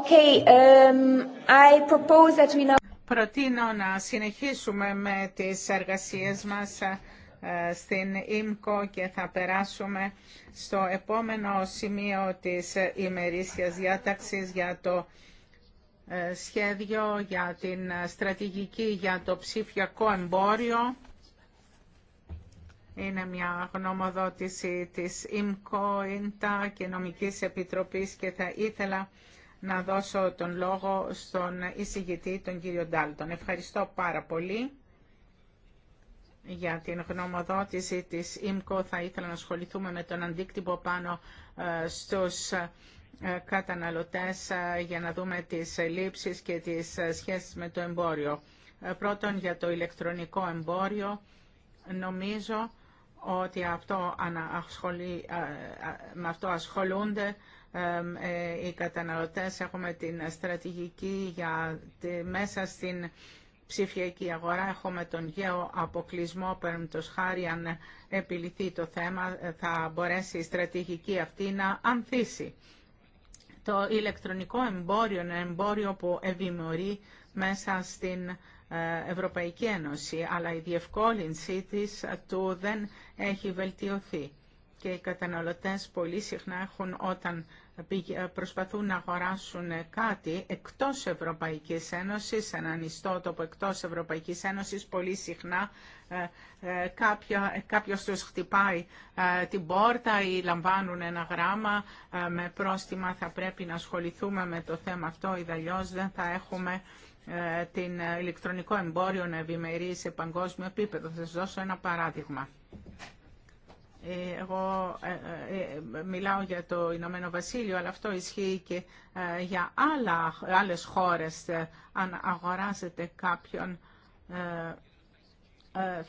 Okay, um, Προτείνω να συνεχίσουμε με τις εργασίες μας ε, στην ΙΜΚΟ και θα περάσουμε στο επόμενο σημείο της ημερήσιας διάταξης για το ε, σχέδιο για την ε, στρατηγική για το ψηφιακό εμπόριο. Είναι μια γνωμοδότηση της ΙΜΚΟ, ΙΝΤΑ και Νομικής Επιτροπής και θα ήθελα να δώσω τον λόγο στον εισηγητή, τον κύριο Ντάλτον. Ευχαριστώ πάρα πολύ για την γνωμοδότηση της ΙΜΚΟ. Θα ήθελα να ασχοληθούμε με τον αντίκτυπο πάνω ε, στους ε, καταναλωτές ε, για να δούμε τις λήψεις και τις σχέσεις με το εμπόριο. Πρώτον, για το ηλεκτρονικό εμπόριο, νομίζω ότι αυτό με αυτό ασχολούνται ε, οι καταναλωτές, έχουμε την στρατηγική για μέσα στην ψηφιακή αγορά, έχουμε τον γεω αποκλεισμό, το χάρη αν επιληθεί το θέμα, ε, θα μπορέσει η στρατηγική αυτή να ανθίσει. Το ηλεκτρονικό εμπόριο είναι εμπόριο που ευημορεί μέσα στην ε, Ευρωπαϊκή Ένωση, αλλά η διευκόλυνσή της του δεν έχει βελτιωθεί. Και οι καταναλωτές πολύ συχνά έχουν όταν ε, προσπαθούν να αγοράσουν κάτι εκτός Ευρωπαϊκής Ένωσης, έναν ιστότοπο εκτός Ευρωπαϊκής Ένωσης, πολύ συχνά ε, ε, κάποιο, κάποιος τους χτυπάει την πόρτα ή λαμβάνουν ένα γράμμα με πρόστιμα. Θα πρέπει να ασχοληθούμε με το θέμα αυτό, ιδαλλιώς δεν θα έχουμε την ηλεκτρονικό εμπόριο να ευημερεί σε παγκόσμιο επίπεδο. Θα σας δώσω ένα παράδειγμα. Ε, εγώ ε, ε, μιλάω για το Ηνωμένο Βασίλειο, αλλά αυτό ισχύει και για άλλα, άλλες χώρες. Αν αγοράσετε κάποιον,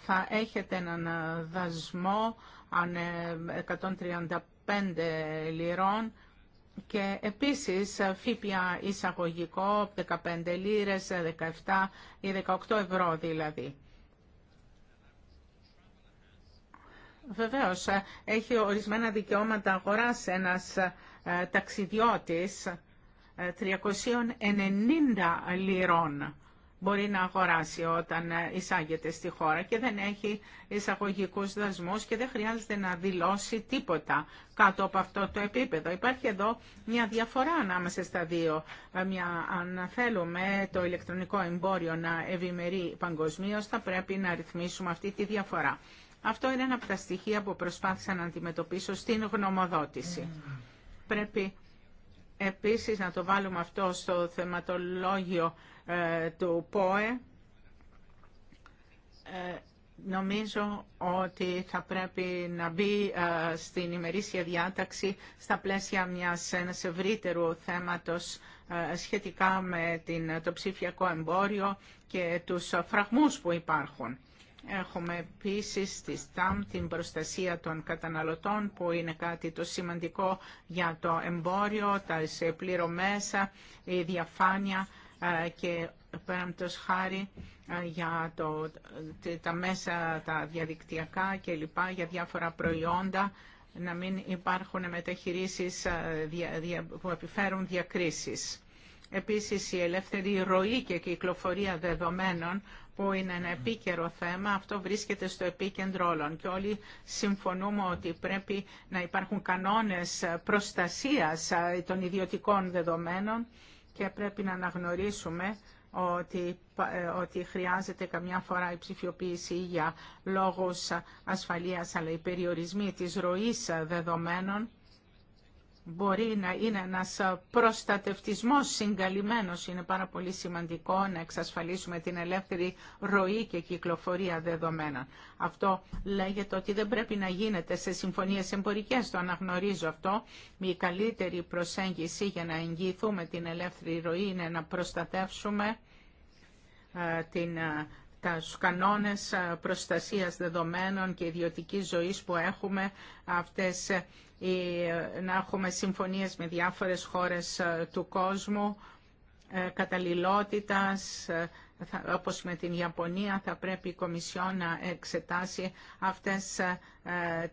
θα έχετε έναν δασμό αν 135 λιρών και επίσης ΦΠΑ εισαγωγικό 15 λίρες, 17 ή 18 ευρώ δηλαδή. Βεβαίως, ε, έχει ορισμένα δικαιώματα αγοράς ένας ε, ταξιδιώτης 390 ε, λιρών μπορεί να αγοράσει όταν εισάγεται στη χώρα και δεν έχει εισαγωγικούς δασμούς και δεν χρειάζεται να δηλώσει τίποτα κάτω από αυτό το επίπεδο. Υπάρχει εδώ μια διαφορά ανάμεσα στα δύο. Μια, αν θέλουμε το ηλεκτρονικό εμπόριο να ευημερεί παγκοσμίω, θα πρέπει να ρυθμίσουμε αυτή τη διαφορά. Αυτό είναι ένα από τα στοιχεία που προσπάθησα να αντιμετωπίσω στην γνωμοδότηση. Πρέπει επίσης να το βάλουμε αυτό στο θεματολόγιο ε, του ΠΟΕ. Ε, νομίζω ότι θα πρέπει να μπει ε, στην ημερήσια διάταξη στα πλαίσια μιας ένας ευρύτερου θέματος σχετικά με την, το ψηφιακό εμπόριο και τους φραγμούς που υπάρχουν. Έχουμε επίση στη ΣΤΑΜ την προστασία των καταναλωτών που είναι κάτι το σημαντικό για το εμπόριο, τα πληρωμές, η διαφάνεια ε, και πέραμπτος χάρη ε, για τα μέσα τα διαδικτυακά και λοιπά για διάφορα προϊόντα να μην υπάρχουν μεταχειρήσεις ε, που επιφέρουν διακρίσεις. Επίσης η ελεύθερη ροή και κυκλοφορία δεδομένων που είναι ένα επίκαιρο θέμα, αυτό βρίσκεται στο επίκεντρο όλων και όλοι συμφωνούμε ότι πρέπει να υπάρχουν κανόνες προστασίας των ιδιωτικών δεδομένων και πρέπει να αναγνωρίσουμε ότι, ε, ότι χρειάζεται καμιά φορά η ψηφιοποίηση για λόγους ασφαλείας, αλλά οι περιορισμοί της ροής δεδομένων μπορεί να είναι ένας προστατευτισμός συγκαλυμμένος. Είναι πάρα πολύ σημαντικό να εξασφαλίσουμε την ελεύθερη ροή και κυκλοφορία δεδομένων. Αυτό λέγεται ότι δεν πρέπει να γίνεται σε συμφωνίες εμπορικές, το αναγνωρίζω αυτό. Η καλύτερη προσέγγιση για να εγγυηθούμε την ελεύθερη ροή είναι να προστατεύσουμε ε, την ε, τα κανόνες ε, προστασίας δεδομένων και ιδιωτικής ζωής που έχουμε αυτές ε, ε, να έχουμε συμφωνίες με διάφορες χώρες του κόσμου καταλληλότητας όπως με την Ιαπωνία θα πρέπει η Κομισιόν να εξετάσει αυτές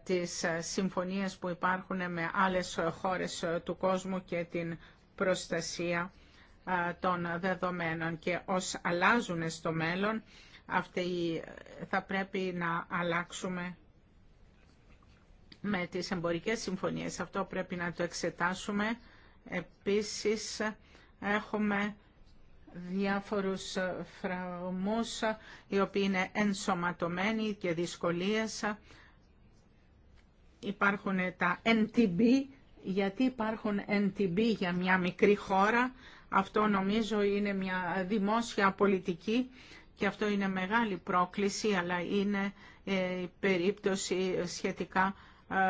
τις συμφωνίες που υπάρχουν με άλλες χώρες του κόσμου και την προστασία των δεδομένων και ως αλλάζουν στο μέλλον αυτή θα πρέπει να αλλάξουμε με τις εμπορικές συμφωνίες. Αυτό πρέπει να το εξετάσουμε. Επίσης έχουμε διάφορους φραγμούς οι οποίοι είναι ενσωματωμένοι και δυσκολίες. Υπάρχουν τα NTB. Γιατί υπάρχουν NTB για μια μικρή χώρα. Αυτό νομίζω είναι μια δημόσια πολιτική και αυτό είναι μεγάλη πρόκληση, αλλά είναι η ε, περίπτωση σχετικά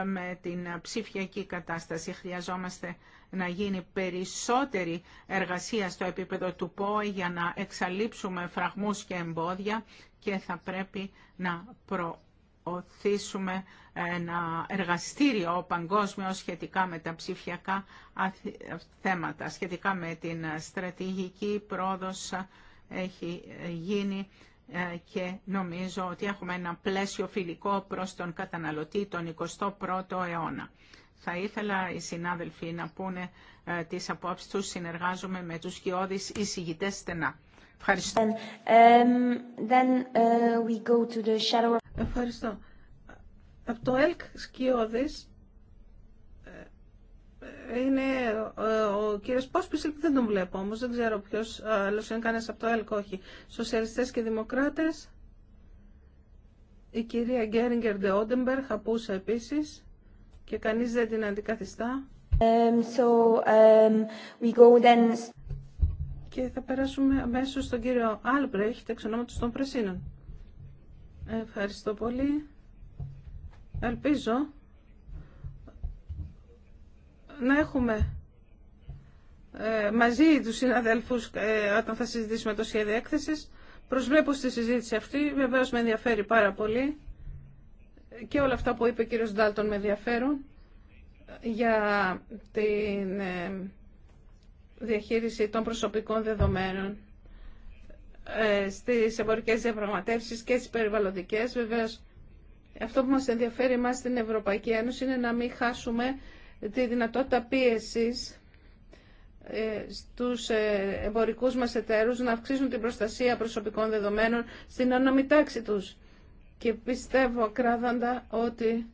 ε, με την ψηφιακή κατάσταση. Χρειαζόμαστε να γίνει περισσότερη εργασία στο επίπεδο του ΠΟΕ για να εξαλείψουμε φραγμούς και εμπόδια και θα πρέπει να προωθήσουμε ε, ένα εργαστήριο παγκόσμιο σχετικά με τα ψηφιακά θέματα, σχετικά με την στρατηγική πρόοδος έχει ε, γίνει ε, και νομίζω ότι έχουμε ένα πλαίσιο φιλικό προς τον καταναλωτή τον 21ο αιώνα. Θα ήθελα οι συνάδελφοι να πούνε ε, τις απόψεις τους, συνεργάζομαι με τους κοιόδης εισηγητές στενά. Ευχαριστώ. Ευχαριστώ. Από το ΕΛΚ σκιώδης, είναι ε, ο κύριος Πόσπης, δεν τον βλέπω όμω. δεν ξέρω ποιο άλλο είναι κανένα από το ΕΛΚ, όχι. Σοσιαλιστές και Δημοκράτες, η κυρία Γκέριγκερ Ντεόντεμπερ, απούσα επίση. και κανείς δεν την αντικαθιστά. Um, so, um, we go then... Και θα περάσουμε αμέσως στον κύριο Άλμπρεχτ, εξ ονόματο των Πρεσίνων. Ευχαριστώ πολύ. Ελπίζω να έχουμε ε, μαζί τους συναδέλφους ε, όταν θα συζητήσουμε το σχέδιο έκθεσης. Προσβλέπω στη συζήτηση αυτή, βεβαίω με ενδιαφέρει πάρα πολύ και όλα αυτά που είπε ο κύριος Ντάλτον με ενδιαφέρουν για την ε, διαχείριση των προσωπικών δεδομένων στις εμπορικές διαπραγματεύσεις και στις περιβαλλοντικές. Βεβαίως, αυτό που μας ενδιαφέρει εμάς στην Ευρωπαϊκή Ένωση είναι να μην χάσουμε τη δυνατότητα πίεσης ε, στους ε, εμπορικούς μας εταίρους να αυξήσουν την προστασία προσωπικών δεδομένων στην τάξη τους. Και πιστεύω ακράδαντα ότι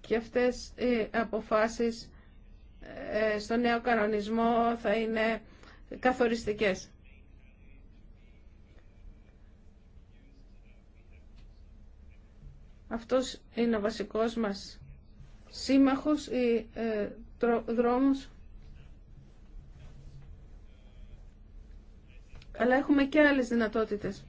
και αυτές οι αποφάσεις ε, στο νέο κανονισμό θα είναι καθοριστικές. Αυτός είναι ο βασικός μας σύμμαχος ή ε, δρόμος. Αλλά έχουμε και άλλες δυνατότητες.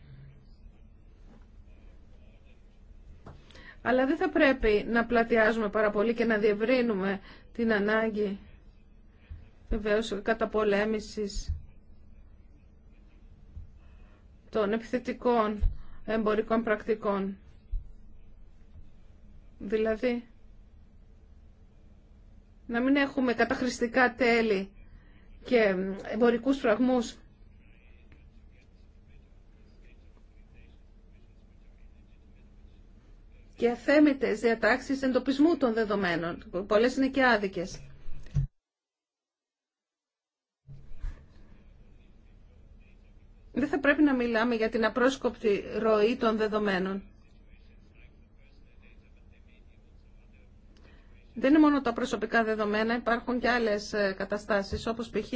Αλλά δεν θα πρέπει να πλατιάζουμε πάρα πολύ και να διευρύνουμε την ανάγκη βεβαίως καταπολέμησης των επιθετικών εμπορικών πρακτικών. Δηλαδή, να μην έχουμε καταχρηστικά τέλη και εμπορικούς φραγμούς. και αθέμητες διατάξεις εντοπισμού των δεδομένων. Πολλές είναι και άδικες. Δεν θα πρέπει να μιλάμε για την απρόσκοπτη ροή των δεδομένων. Δεν είναι μόνο τα προσωπικά δεδομένα, υπάρχουν και άλλες ε, καταστάσεις, όπως π.χ.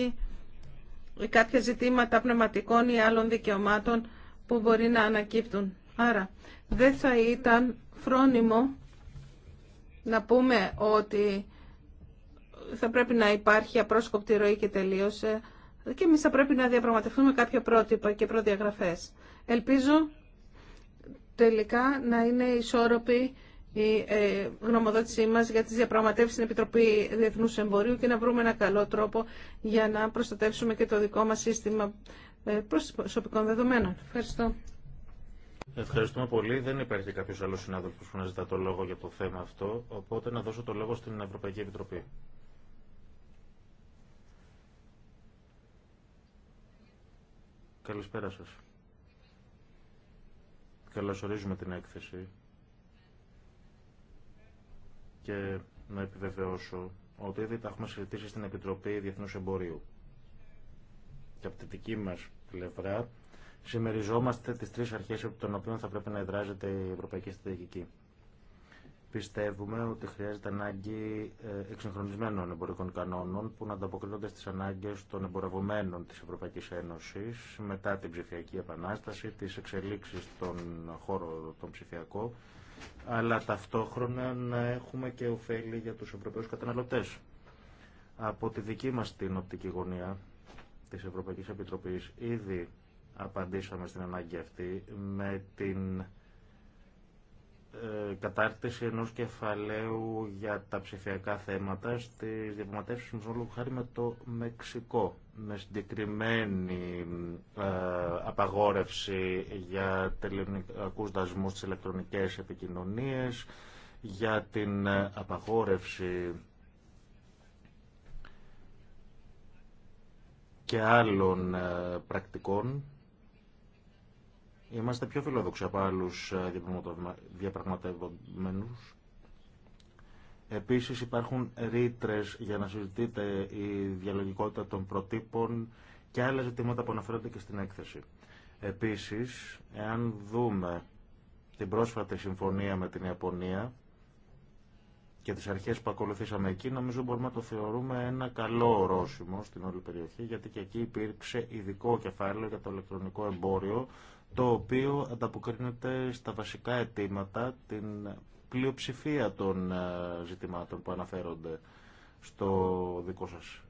κάποια ζητήματα πνευματικών ή άλλων δικαιωμάτων που μπορεί να ανακύπτουν. Άρα, δεν θα ήταν φρόνιμο να πούμε ότι θα πρέπει να υπάρχει απρόσκοπτη ροή και τελείωσε και εμεί θα πρέπει να διαπραγματευτούμε κάποια πρότυπα και προδιαγραφές. Ελπίζω τελικά να είναι ισόρροπη η ε, γνωμοδότησή μας για τις διαπραγματεύσεις στην Επιτροπή Διεθνούς Εμπορίου και να βρούμε ένα καλό τρόπο για να προστατεύσουμε και το δικό μας σύστημα ε, προσωπικών δεδομένων. Ευχαριστώ. Ευχαριστούμε πολύ. Δεν υπάρχει κάποιο άλλο συνάδελφο που να ζητά το λόγο για το θέμα αυτό, οπότε να δώσω το λόγο στην Ευρωπαϊκή Επιτροπή. Καλησπέρα σας. Καλωσορίζουμε την έκθεση και να επιβεβαιώσω ότι ήδη τα έχουμε συζητήσει στην Επιτροπή Διεθνούς Εμπορίου. Και από τη δική μας πλευρά συμμεριζόμαστε τι τρεις αρχές από τον οποίων θα πρέπει να εδράζεται η Ευρωπαϊκή Στρατηγική. Πιστεύουμε ότι χρειάζεται ανάγκη ε, εξυγχρονισμένων εμπορικών κανόνων που να ανταποκρίνονται στις ανάγκες των εμπορευμένων της Ευρωπαϊκής Ένωσης μετά την ψηφιακή επανάσταση, τι εξελίξει στον χώρο τον ψηφιακό αλλά ταυτόχρονα να έχουμε και ωφέλη για τους Ευρωπαίους καταναλωτές. Από τη δική μας την οπτική γωνία της Ευρωπαϊκής Επιτροπής ήδη απαντήσαμε στην ανάγκη αυτή με την κατάρτιση ενός κεφαλαίου για τα ψηφιακά θέματα στις διαπραγματεύσεις του χάρη με το Μεξικό με συγκεκριμένη ε, απαγόρευση για τελευνικούς δασμού στι ηλεκτρονικέ επικοινωνίες, για την ε, απαγόρευση και άλλων ε, πρακτικών Είμαστε πιο φιλόδοξοι από άλλου ε, διαπραγματευμένου. Επίση υπάρχουν ρήτρε για να συζητείτε η διαλογικότητα των προτύπων και άλλα ζητήματα που αναφέρονται και στην έκθεση. Επίση, εάν δούμε την πρόσφατη συμφωνία με την Ιαπωνία και τις αρχές που ακολουθήσαμε εκεί, νομίζω μπορούμε να το θεωρούμε ένα καλό ορόσημο στην όλη περιοχή, γιατί και εκεί υπήρξε ειδικό κεφάλαιο για το ηλεκτρονικό εμπόριο, το οποίο ανταποκρίνεται στα βασικά αιτήματα, την πλειοψηφία των ε, ζητημάτων που αναφέρονται στο δικό σας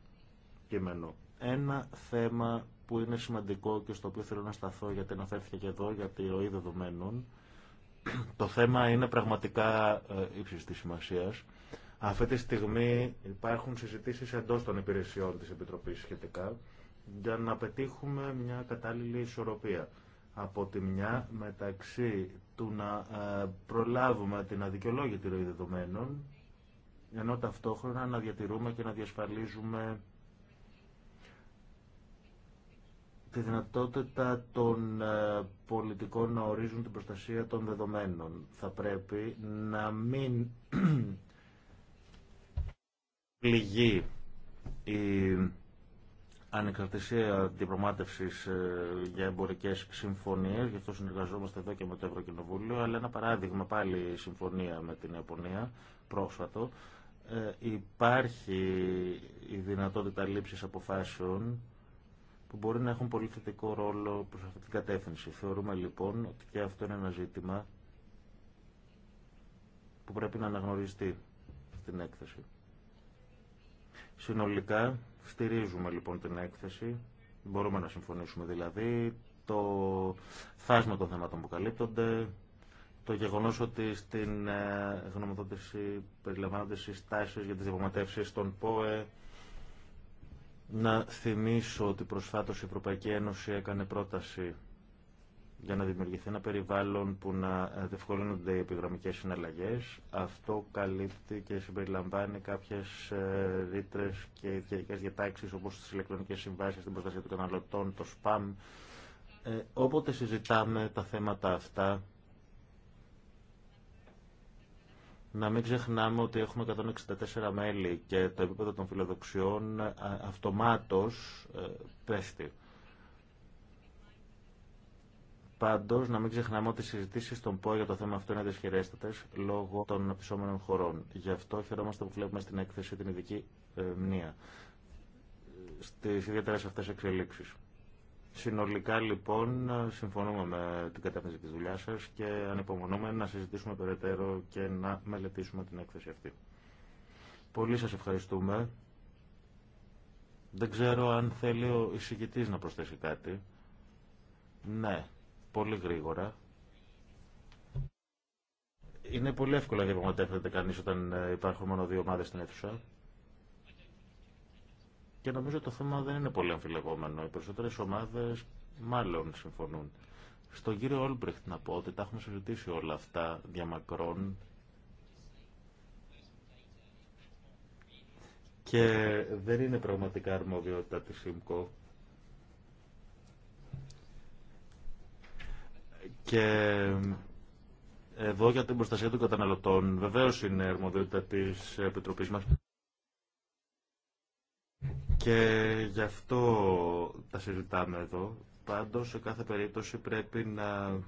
κείμενο. Ένα θέμα που είναι σημαντικό και στο οποίο θέλω να σταθώ γιατί αναφέρθηκε και εδώ για τη ροή δεδομένων. Το θέμα είναι πραγματικά ε, ύψης της σημασίας. Αυτή τη στιγμή υπάρχουν συζητήσεις εντός των υπηρεσιών της Επιτροπής σχετικά για να πετύχουμε μια κατάλληλη ισορροπία από τη μια μεταξύ του να ε, προλάβουμε την αδικαιολόγητη ροή δεδομένων ενώ ταυτόχρονα να διατηρούμε και να διασφαλίζουμε τη δυνατότητα των ε, πολιτικών να ορίζουν την προστασία των δεδομένων. Θα πρέπει να μην πληγεί η ανεξαρτησία διπλωμάτευση ε, για εμπορικέ συμφωνίε, γι' αυτό συνεργαζόμαστε εδώ και με το Ευρωκοινοβούλιο. Αλλά ένα παράδειγμα πάλι συμφωνία με την Ιαπωνία, πρόσφατο. Ε, υπάρχει η δυνατότητα λήψης αποφάσεων που μπορεί να έχουν πολύ θετικό ρόλο προς αυτή την κατεύθυνση. Θεωρούμε λοιπόν ότι και αυτό είναι ένα ζήτημα που πρέπει να αναγνωριστεί στην έκθεση. Συνολικά, Στηρίζουμε λοιπόν την έκθεση, μπορούμε να συμφωνήσουμε δηλαδή, το φάσμα των θεμάτων που καλύπτονται, το γεγονό ότι στην ε, γνωμοδότηση περιλαμβάνονται συστάσει για τι διαπραγματεύσει των ΠΟΕ. Να θυμίσω ότι προσφάτω η Ευρωπαϊκή Ένωση έκανε πρόταση για να δημιουργηθεί ένα περιβάλλον που να διευκολύνονται οι επιγραμμικές συναλλαγές. Αυτό καλύπτει και συμπεριλαμβάνει κάποιες ε, ρήτρε και ιδιωτικέ διατάξεις όπως τις ηλεκτρονικές συμβάσεις, την προστασία των καταναλωτών, το spam. Ε, όποτε συζητάμε τα θέματα αυτά, να μην ξεχνάμε ότι έχουμε 164 μέλη και το επίπεδο των φιλοδοξιών ε, αυτομάτως ε, πέφτει. Πάντω, να μην ξεχνάμε ότι οι συζητήσει στον ΠΟΕ για το θέμα αυτό είναι δυσχερέστατε λόγω των αναπτυσσόμενων χωρών. Γι' αυτό χαιρόμαστε που βλέπουμε στην έκθεση την ειδική ε, μνήμα στι ιδιαίτερε αυτέ εξελίξει. Συνολικά, λοιπόν, συμφωνούμε με την κατεύθυνση τη δουλειά σα και ανυπομονούμε να συζητήσουμε περαιτέρω και να μελετήσουμε την έκθεση αυτή. Πολύ σα ευχαριστούμε. Δεν ξέρω αν θέλει ο εισηγητή να προσθέσει κάτι. Ναι πολύ γρήγορα. Είναι πολύ εύκολο να διαπραγματεύεται κανεί όταν ε, υπάρχουν μόνο δύο ομάδε στην αίθουσα. Και νομίζω το θέμα δεν είναι πολύ αμφιλεγόμενο. Οι περισσότερε ομάδε μάλλον συμφωνούν. Στον κύριο Όλμπρεχτ να πω ότι τα έχουμε συζητήσει όλα αυτά διαμακρών και δεν είναι πραγματικά αρμοδιότητα της ΣΥΜΚΟ. Και εδώ για την προστασία των καταναλωτών βεβαίω είναι αρμοδιότητα τη Επιτροπής μας. Και γι' αυτό τα συζητάμε εδώ. Πάντως, σε κάθε περίπτωση πρέπει να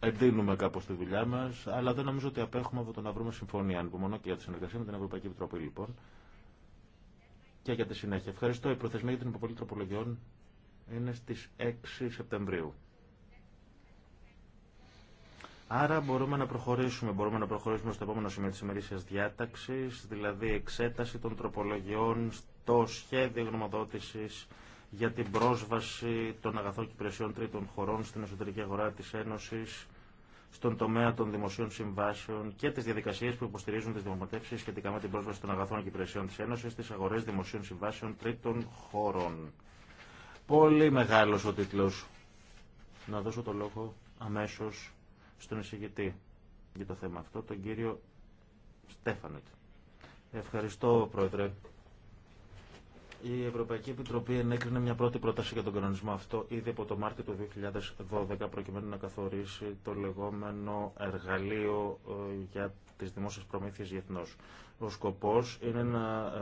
εντείνουμε κάπως τη δουλειά μας, αλλά δεν νομίζω ότι απέχουμε από το να βρούμε συμφωνία. μόνο και για τη συνεργασία με την Ευρωπαϊκή Επιτροπή, λοιπόν, και για τη συνέχεια. Ευχαριστώ. Η προθεσμία για την υποπολίτη είναι στις 6 Σεπτεμβρίου. Άρα μπορούμε να προχωρήσουμε. Μπορούμε να προχωρήσουμε στο επόμενο σημείο της ημερήσιας διάταξης, δηλαδή εξέταση των τροπολογιών στο σχέδιο γνωμοδότησης για την πρόσβαση των αγαθών και υπηρεσιών τρίτων χωρών στην εσωτερική αγορά της Ένωσης στον τομέα των δημοσίων συμβάσεων και τι διαδικασίε που υποστηρίζουν τι δημοπρατεύσει σχετικά με την πρόσβαση των αγαθών και υπηρεσιών τη Ένωση στι αγορέ δημοσίων συμβάσεων τρίτων χωρών. Πολύ μεγάλος ο τίτλος. Να δώσω το λόγο αμέσως στον εισηγητή για το θέμα αυτό, τον κύριο Στέφανετ. Ευχαριστώ, Πρόεδρε. Η Ευρωπαϊκή Επιτροπή ενέκρινε μια πρώτη πρόταση για τον κανονισμό αυτό ήδη από το Μάρτιο του 2012 προκειμένου να καθορίσει το λεγόμενο εργαλείο ε, για της δημόσιας προμήθειας διεθνώς. Ο σκοπός είναι να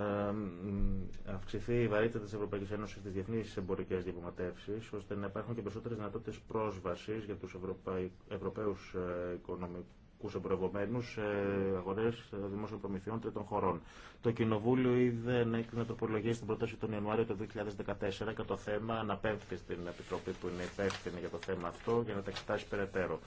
ε, αυξηθεί η βαρύτητα της Ευρωπαϊκής Ένωσης στις διεθνείς εμπορικές διαπραγματεύσεις, ώστε να υπάρχουν και περισσότερες δυνατότητες πρόσβασης για τους Ευρωπαϊ... Ευρωπαίους ε, οικονομικούς σε αγορέ ε, δημόσιων προμηθειών τρίτων χωρών. Το Κοινοβούλιο είδε να έκτηνε τροπολογία στην πρόταση τον Ιανουάριο του 2014 και το θέμα αναπέμφθη στην Επιτροπή που είναι υπεύθυνη για το θέμα αυτό για να τα εξετάσει περαιτέρω.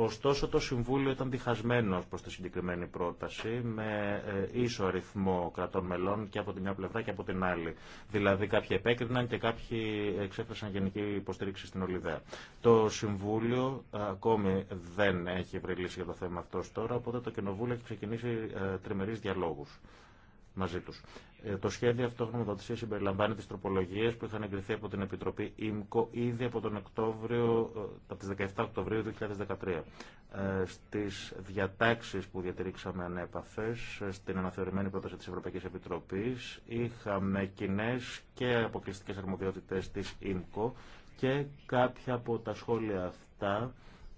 Ωστόσο το Συμβούλιο ήταν διχασμένο προς τη συγκεκριμένη πρόταση με ε, ίσο αριθμό κρατών μελών και από τη μια πλευρά και από την άλλη. Δηλαδή κάποιοι επέκριναν και κάποιοι εξέφρασαν γενική υποστήριξη στην Ολυδέα. Το Συμβούλιο ε, ακόμη δεν έχει βρει λύση για το θέμα αυτό τώρα, οπότε το Κοινοβούλιο έχει ξεκινήσει ε, τριμερείς διαλόγους μαζί ε, Το σχέδιο αυτό γνωμοδοτησία συμπεριλαμβάνει τι τροπολογίε που είχαν εγκριθεί από την Επιτροπή ΙΜΚΟ ήδη από, τον Οκτώβριο, ε, από τις 17 Οκτωβρίου 2013. Ε, στις διατάξεις που διατηρήξαμε ανέπαφε στην αναθεωρημένη πρόταση της Ευρωπαϊκής Επιτροπής είχαμε κοινέ και αποκλειστικέ αρμοδιότητες τη ΙΜΚΟ και κάποια από τα σχόλια αυτά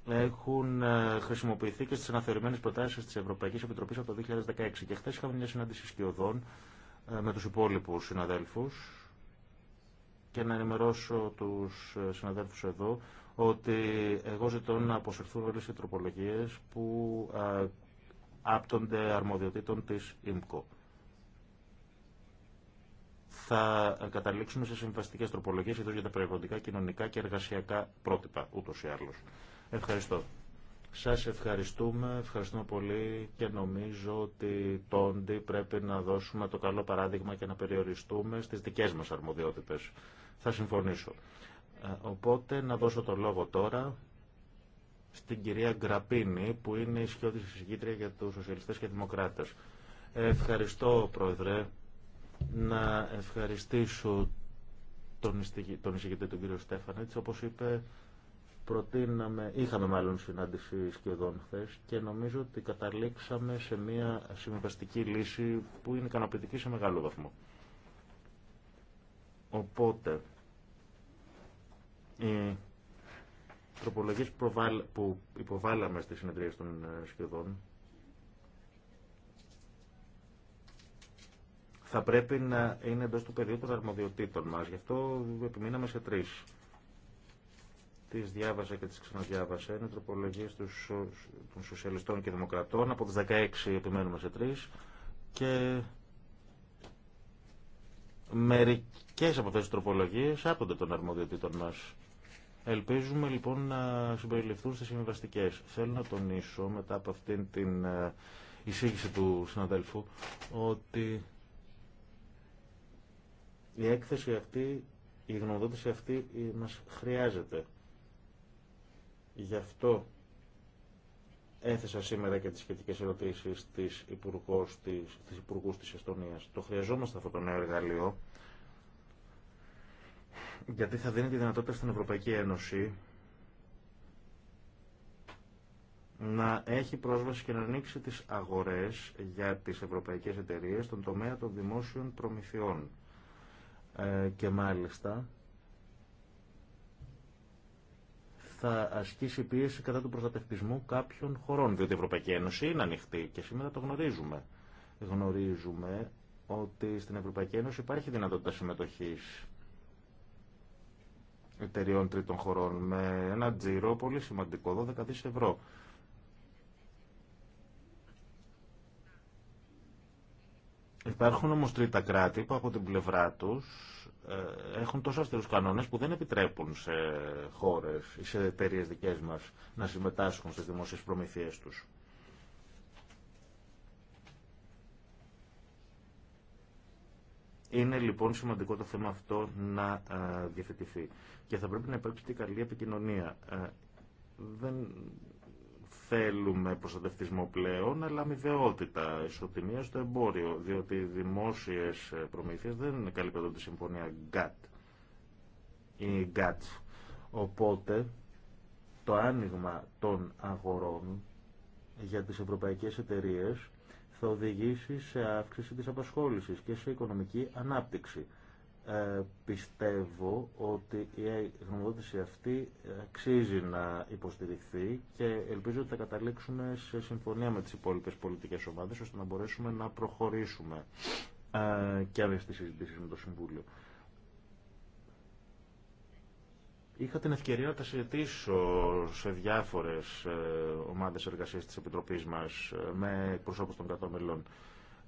έχουν ε, χρησιμοποιηθεί και στι αναθεωρημένε προτάσει τη Ευρωπαϊκή Επιτροπή από το 2016. Και χθε είχαμε μια συνάντηση σκιωδών ε, με του υπόλοιπου συναδέλφου και να ενημερώσω του ε, συναδέλφου εδώ ότι εγώ ζητώ να αποσυρθούν όλε οι τροπολογίε που άπτονται αρμοδιοτήτων τη ΙΜΚΟ. Θα καταλήξουμε σε συμβαστικέ τροπολογίε, ιδίω για τα περιβαλλοντικά, κοινωνικά και εργασιακά πρότυπα, ούτω ή άλλως. Ευχαριστώ. Σας ευχαριστούμε, ευχαριστούμε πολύ και νομίζω ότι τόντι πρέπει να δώσουμε το καλό παράδειγμα και να περιοριστούμε στις δικές μας αρμοδιότητες. Θα συμφωνήσω. Ε, οπότε να δώσω το λόγο τώρα στην κυρία Γκραπίνη που είναι η σιώδη συζητήτρια για τους σοσιαλιστές και δημοκράτες. Ε, ευχαριστώ Πρόεδρε να ευχαριστήσω τον εισηγητή τον κύριο Στέφανετς όπως είπε προτείναμε, είχαμε μάλλον συνάντηση σχεδόν χθε και νομίζω ότι καταλήξαμε σε μια συμβαστική λύση που είναι ικανοποιητική σε μεγάλο βαθμό. Οπότε, οι τροπολογίε που υποβάλαμε στις συνεδρίες των ε, σχεδόν θα πρέπει να είναι εντό του πεδίου των αρμοδιοτήτων μας. Γι' αυτό επιμείναμε σε τρεις τις διάβασα και τις ξαναδιάβασα. Είναι τροπολογίες των σοσιαλιστών και δημοκρατών. Από τις 16 επιμένουμε σε 3 και μερικές από αυτές τις τροπολογίες άπονται των αρμοδιοτήτων μας. Ελπίζουμε λοιπόν να συμπεριληφθούν στις συμβαστικέ. Θέλω να τονίσω μετά από αυτήν την ε, εισήγηση του συναδέλφου ότι η έκθεση αυτή, η γνωμοδότηση αυτή ε, μας χρειάζεται. Γι' αυτό έθεσα σήμερα και τις σχετικές ερωτήσεις της Υπουργός, της, της Υπουργούς της Εστονίας. Το χρειαζόμαστε αυτό το νέο εργαλείο, γιατί θα δίνει τη δυνατότητα στην Ευρωπαϊκή Ένωση να έχει πρόσβαση και να ανοίξει τις αγορές για τις ευρωπαϊκές εταιρείες στον τομέα των δημόσιων προμηθειών. Ε, και μάλιστα θα ασκήσει πίεση κατά του προστατευτισμού κάποιων χωρών. Διότι η Ευρωπαϊκή Ένωση είναι ανοιχτή και σήμερα το γνωρίζουμε. Γνωρίζουμε ότι στην Ευρωπαϊκή Ένωση υπάρχει δυνατότητα συμμετοχής εταιριών τρίτων χωρών με ένα τζίρο πολύ σημαντικό, 12 ευρώ. Υπάρχουν όμως τρίτα κράτη που από την πλευρά τους ε, έχουν τόσο αυστηρούς κανόνες που δεν επιτρέπουν σε χώρες ή σε εταιρείε δικές μας να συμμετάσχουν στις δημόσιες προμηθείες τους. Είναι λοιπόν σημαντικό το θέμα αυτό να ε, διευθετηθεί και θα πρέπει να υπάρξει και καλή επικοινωνία. Ε, δεν θέλουμε προστατευτισμό πλέον, αλλά αμοιβαιότητα, ισοτιμία στο εμπόριο, διότι οι δημόσιες προμήθειες δεν καλύπτονται τη συμφωνία GATT ή GATT. Οπότε, το άνοιγμα των αγορών για τις ευρωπαϊκές εταιρείες θα οδηγήσει σε αύξηση της απασχόλησης και σε οικονομική ανάπτυξη. Ε, πιστεύω ότι η γνωμοδότηση αυτή αξίζει να υποστηριχθεί και ελπίζω ότι θα καταλήξουμε σε συμφωνία με τις υπόλοιπες πολιτικές ομάδες ώστε να μπορέσουμε να προχωρήσουμε ε, και αυτές τις συζητήσεις με το Συμβούλιο. Είχα την ευκαιρία να τα συζητήσω σε διάφορες ε, ομάδες εργασίας της Επιτροπής μας με εκπροσώπους των κατώμελών.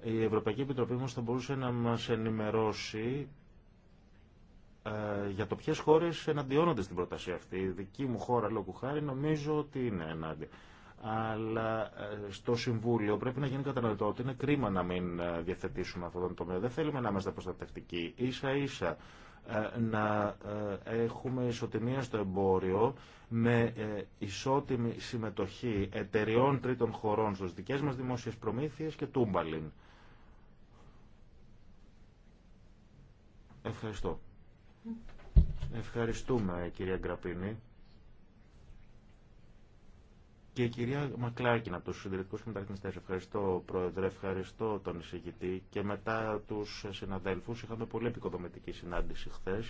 Η Ευρωπαϊκή Επιτροπή μας θα μπορούσε να μας ενημερώσει ε, για το ποιε χώρε εναντιώνονται στην πρόταση αυτή. Η δική μου χώρα, λόγου χάρη, νομίζω ότι είναι ενάντια. Αλλά ε, στο Συμβούλιο πρέπει να γίνει κατανοητό ότι είναι κρίμα να μην ε, διαθετήσουμε αυτόν τον τομέα. Δεν θέλουμε να είμαστε προστατευτικοί. σα ίσα να έχουμε ισοτιμία στο εμπόριο με ισότιμη συμμετοχή εταιριών τρίτων χωρών στι δικέ μα δημόσιε προμήθειε και τούμπαλιν. Ευχαριστώ. Ευχαριστούμε κυρία Γκραπίνη. Και κυρία Μακλάκη, από του συντηρητικού μεταρρυθμιστέ. Ευχαριστώ, Πρόεδρε, ευχαριστώ τον εισηγητή και μετά του συναδέλφου. Είχαμε πολύ επικοδομητική συνάντηση χθε.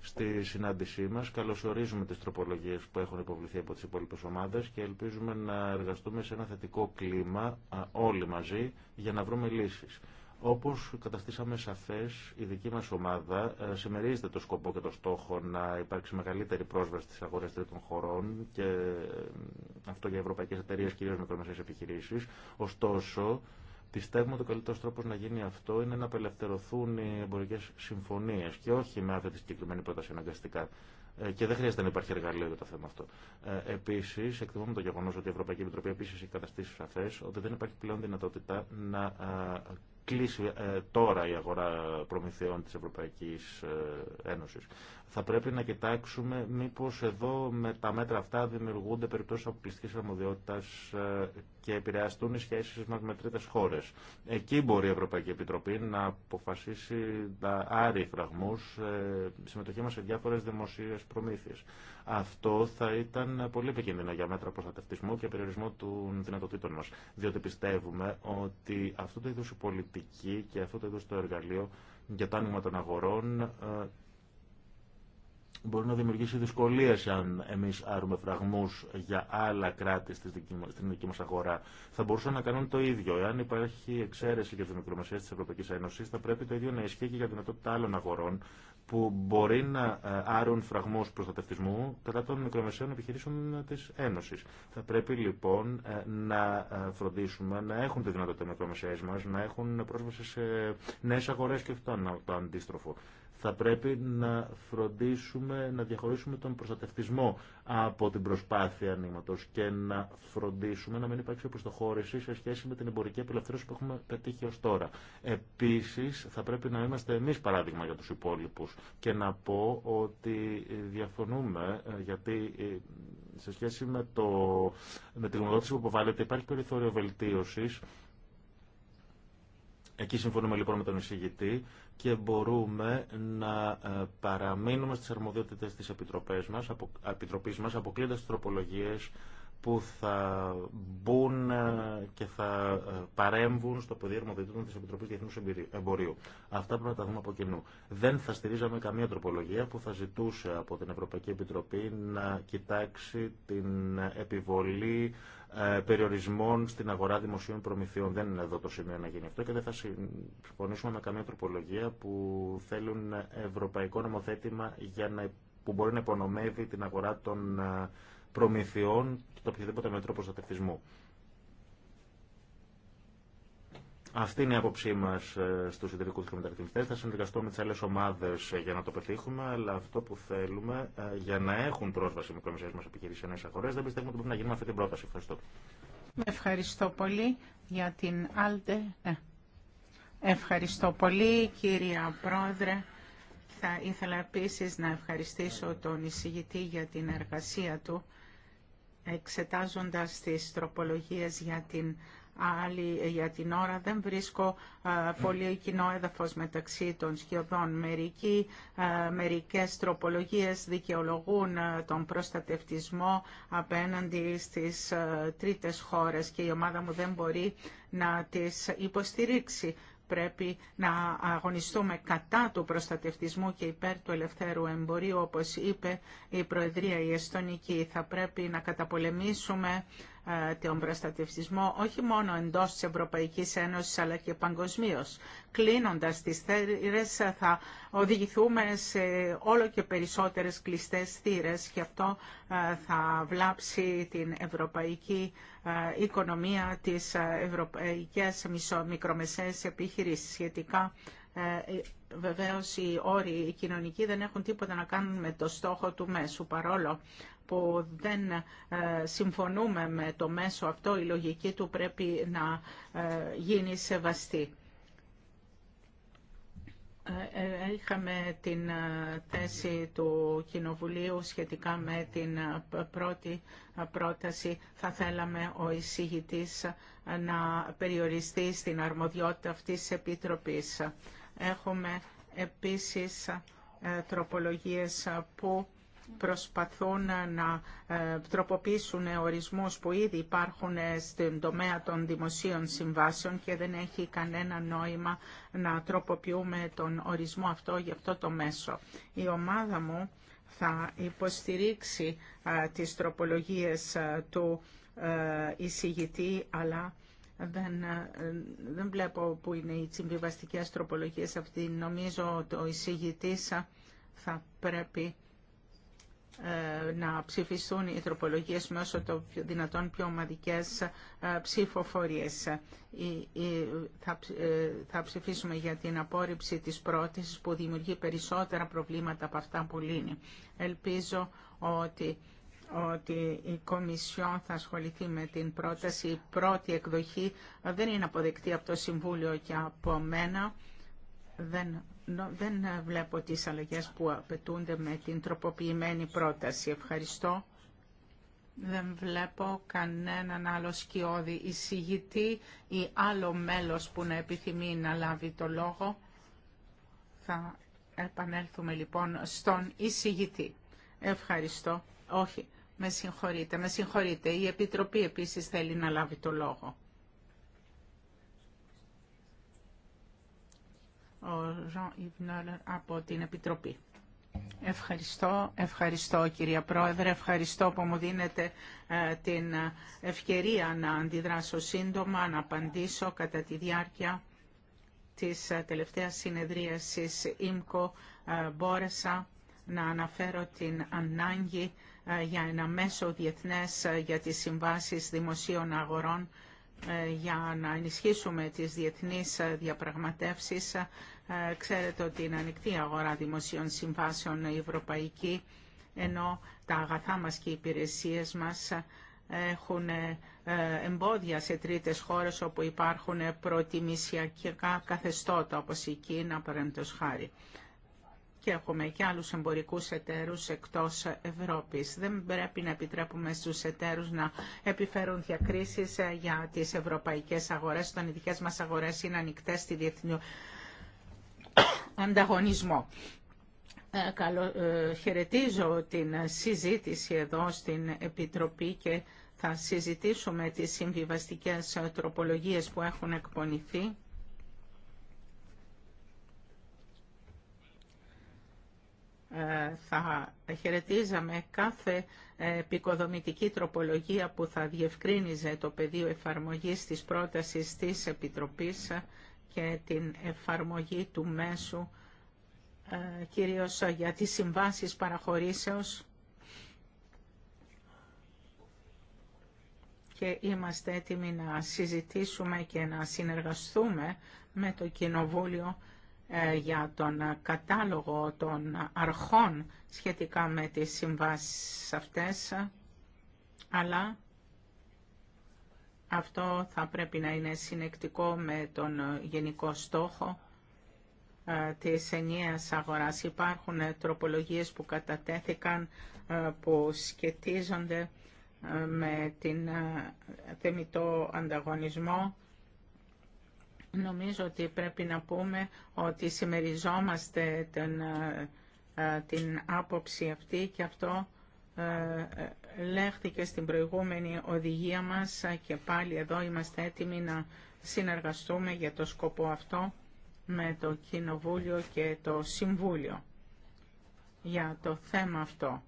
Στη συνάντησή μα καλωσορίζουμε τι τροπολογίε που έχουν υποβληθεί από τι υπόλοιπε ομάδε και ελπίζουμε να εργαστούμε σε ένα θετικό κλίμα όλοι μαζί για να βρούμε λύσει. Όπως καταστήσαμε σαφές, η δική μας ομάδα ε, συμμερίζεται το σκοπό και το στόχο να υπάρξει μεγαλύτερη πρόσβαση στις αγορές τρίτων χωρών και ε, αυτό για ευρωπαϊκές εταιρείες, κυρίως μικρομεσαίες επιχειρήσεις. Ωστόσο, Πιστεύουμε ότι ο καλύτερος τρόπος να γίνει αυτό είναι να απελευθερωθούν οι εμπορικές συμφωνίες και όχι με αυτή τη συγκεκριμένη πρόταση αναγκαστικά. Ε, και δεν χρειάζεται να υπάρχει εργαλείο για το θέμα αυτό. Επίση, εκτιμούμε το γεγονό ότι η Ευρωπαϊκή Επιτροπή επίση έχει καταστήσει σαφέ ότι δεν υπάρχει πλέον δυνατότητα να κλείσει ε, τώρα η αγορά προμηθειών της Ευρωπαϊκής ε, Ένωσης. Θα πρέπει να κοιτάξουμε μήπως εδώ με τα μέτρα αυτά δημιουργούνται περιπτώσεις αποκλειστικής αρμοδιότητας ε, και επηρεαστούν οι σχέσει μα με τρίτε χώρες. Εκεί μπορεί η Ευρωπαϊκή Επιτροπή να αποφασίσει να άρει φραγμούς ε, συμμετοχή μα σε διάφορες δημοσίες προμήθειε. Αυτό θα ήταν πολύ επικίνδυνο για μέτρα προστατευτισμού και περιορισμού των δυνατοτήτων μα. διότι πιστεύουμε ότι αυτό το είδου η πολιτική και αυτό το είδου το εργαλείο για το άνοιγμα των αγορών ε, μπορεί να δημιουργήσει δυσκολίε αν εμεί άρουμε φραγμούς για άλλα κράτη στην δική μα αγορά. Θα μπορούσαν να κάνουν το ίδιο. Εάν υπάρχει εξαίρεση για τις μικρομεσαίε τη Ευρωπαϊκή Ένωση, θα πρέπει το ίδιο να ισχύει και για δυνατότητα άλλων αγορών που μπορεί να ε, άρουν φραγμούς προστατευτισμού κατά των μικρομεσαίων επιχειρήσεων τη Ένωση. Θα πρέπει λοιπόν ε, να ε, φροντίσουμε να έχουν τη δυνατότητα οι μικρομεσαίε μα να έχουν πρόσβαση σε νέε αγορέ και αυτό το αντίστροφο. Θα πρέπει να φροντίσουμε, να διαχωρίσουμε τον προστατευτισμό από την προσπάθεια ανοίγματο και να φροντίσουμε να μην υπάρξει οπισθοχώρηση σε σχέση με την εμπορική απελευθέρωση που έχουμε πετύχει ω τώρα. Επίση, θα πρέπει να είμαστε εμεί παράδειγμα για του υπόλοιπου και να πω ότι διαφωνούμε ε, γιατί ε, σε σχέση με, το, με τη γνωμοδότηση που αποβάλλεται υπάρχει περιθώριο βελτίωση. Εκεί συμφωνούμε λοιπόν με τον εισηγητή και μπορούμε να ε, παραμείνουμε στις αρμοδιότητες της Επιτροπής μας, απο, Επιτροπής μας αποκλείοντας τροπολογίες που θα μπουν ε, και θα ε, παρέμβουν στο πεδίο αρμοδιοτήτων της Επιτροπή Διεθνούς Εμπορίου. Αυτά πρέπει να τα δούμε από κοινού. Δεν θα στηρίζαμε καμία τροπολογία που θα ζητούσε από την Ευρωπαϊκή Επιτροπή να κοιτάξει την επιβολή ε, περιορισμών στην αγορά δημοσίων προμηθειών. Δεν είναι εδώ το σημείο να γίνει αυτό και δεν θα συμφωνήσουμε με καμία τροπολογία που θέλουν ευρωπαϊκό νομοθέτημα για να, που μπορεί να υπονομεύει την αγορά των ε, προμηθειών και το οποιοδήποτε μέτρο προστατευτισμού. Αυτή είναι η άποψή μα ε, στου ιδρυτικού και μεταρρυθμιστέ. Θα συνεργαστούμε με τι άλλε ομάδε ε, για να το πετύχουμε, αλλά αυτό που θέλουμε ε, για να έχουν πρόσβαση μικρομεσαίε μα επιχειρήσει σε νέε αγορέ δεν πιστεύουμε ότι πρέπει να γίνουμε αυτή την πρόταση. Ευχαριστώ. Ευχαριστώ πολύ για την Άλτε. Ευχαριστώ πολύ κυρία Πρόεδρε. Θα ήθελα επίση να ευχαριστήσω τον εισηγητή για την εργασία του εξετάζοντας τις τροπολογίες για την Άλλοι για την ώρα δεν βρίσκω ε, πολύ κοινό έδαφος μεταξύ των σκιωδών. Μερικοί, ε, μερικές τροπολογίες δικαιολογούν ε, τον προστατευτισμό απέναντι στις τρίτες χώρες και η ομάδα μου δεν μπορεί να τις υποστηρίξει πρέπει να αγωνιστούμε κατά του προστατευτισμού και υπέρ του ελευθέρου εμπορίου, όπως είπε η Προεδρία η Εστονική. Θα πρέπει να καταπολεμήσουμε ε, τον προστατευτισμό όχι μόνο εντός της Ευρωπαϊκής Ένωσης αλλά και παγκοσμίω. Κλείνοντας τις θύρες ε, θα οδηγηθούμε σε όλο και περισσότερες κλειστές θύρες και αυτό ε, θα βλάψει την ευρωπαϊκή οικονομία, της ευρωπαϊκής μικρομεσαίες επιχειρήσης. σχετικά βεβαίως, οι όροι οι κοινωνικοί δεν έχουν τίποτα να κάνουν με το στόχο του μέσου. Παρόλο που δεν ε, συμφωνούμε με το μέσο αυτό, η λογική του πρέπει να ε, γίνει σεβαστή. Ε, είχαμε την θέση του Κοινοβουλίου σχετικά με την πρώτη πρόταση. Θα θέλαμε ο εισηγητής να περιοριστεί στην αρμοδιότητα αυτής της Επιτροπής. Έχουμε επίσης τροπολογίες που προσπαθούν να ε, τροποποιήσουν ορισμούς που ήδη υπάρχουν ε, στην τομέα των δημοσίων συμβάσεων και δεν έχει κανένα νόημα να τροποποιούμε τον ορισμό αυτό για αυτό το μέσο. Η ομάδα μου θα υποστηρίξει ε, τις τροπολογίες του εισηγητή, αλλά δεν, δεν βλέπω που είναι οι συμβιβαστικές τροπολογίες αυτή. Νομίζω ότι ο εισηγητής θα πρέπει ε, να ψηφιστούν οι τροπολογίες μέσω των δυνατόν πιο ομαδικές ε, ψηφοφορίες. Ε, θα ψηφίσουμε για την απόρριψη της πρότασης που δημιουργεί περισσότερα προβλήματα από αυτά που λύνει. Ελπίζω ότι ότι η Κομισιόν θα ασχοληθεί με την πρόταση. Η πρώτη εκδοχή δεν είναι αποδεκτή από το Συμβούλιο και από μένα. Δεν δεν βλέπω τις αλλαγές που απαιτούνται με την τροποποιημένη πρόταση. Ευχαριστώ. Δεν βλέπω κανέναν άλλο σκιώδη εισηγητή ή άλλο μέλος που να επιθυμεί να λάβει το λόγο. Θα επανέλθουμε λοιπόν στον εισηγητή. Ευχαριστώ. Όχι, με συγχωρείτε. Με συγχωρείτε. Η Επιτροπή επίσης θέλει να λάβει το λόγο. ο Ζων Ιβνόλερ από την Επιτροπή. Ευχαριστώ, ευχαριστώ κυρία Πρόεδρε, ευχαριστώ που μου δίνετε ε, την ε, ευκαιρία να αντιδράσω σύντομα, να απαντήσω κατά τη διάρκεια της ε, τελευταίας συνεδρίασης ΙΜΚΟ ε, μπόρεσα να αναφέρω την ανάγκη για ένα μέσο διεθνές για τις συμβάσεις δημοσίων αγορών για να ενισχύσουμε τις διεθνείς διαπραγματεύσεις ε, ξέρετε ότι είναι ανοιχτή αγορά δημοσίων συμβάσεων η ευρωπαϊκή, ενώ τα αγαθά μας και οι υπηρεσίες μας έχουν ε, εμπόδια σε τρίτες χώρες όπου υπάρχουν προτιμησιακά καθεστώτα, όπως η Κίνα, παρέντος χάρη. Και έχουμε και άλλους εμπορικούς εταίρους εκτός Ευρώπης. Δεν πρέπει να επιτρέπουμε στους εταίρους να επιφέρουν διακρίσεις ε, για τις ευρωπαϊκές αγορές, όταν οι δικές μας αγορές είναι ανοιχτέ στη διεθνή ανταγωνισμό. Ε, ε, χαιρετίζω την συζήτηση εδώ στην Επιτροπή και θα συζητήσουμε τις συμβιβαστικές τροπολογίες που έχουν εκπονηθεί. Ε, θα χαιρετίζαμε κάθε επικοδομητική τροπολογία που θα διευκρίνιζε το πεδίο εφαρμογής της πρότασης της Επιτροπής και την εφαρμογή του μέσου, ε, κυρίως για τις συμβάσεις παραχωρήσεως. Και είμαστε έτοιμοι να συζητήσουμε και να συνεργαστούμε με το Κοινοβούλιο ε, για τον κατάλογο των αρχών σχετικά με τις συμβάσεις αυτές, αλλά αυτό θα πρέπει να είναι συνεκτικό με τον γενικό στόχο ε, της ενιαίας αγοράς. Υπάρχουν τροπολογίες που κατατέθηκαν ε, που σχετίζονται ε, με την θεμητό ανταγωνισμό. Νομίζω ότι πρέπει να πούμε ότι συμμεριζόμαστε την, την άποψη αυτή και αυτό λέχθηκε στην προηγούμενη οδηγία μας και πάλι εδώ είμαστε έτοιμοι να συνεργαστούμε για το σκοπό αυτό με το Κοινοβούλιο και το Συμβούλιο για το θέμα αυτό.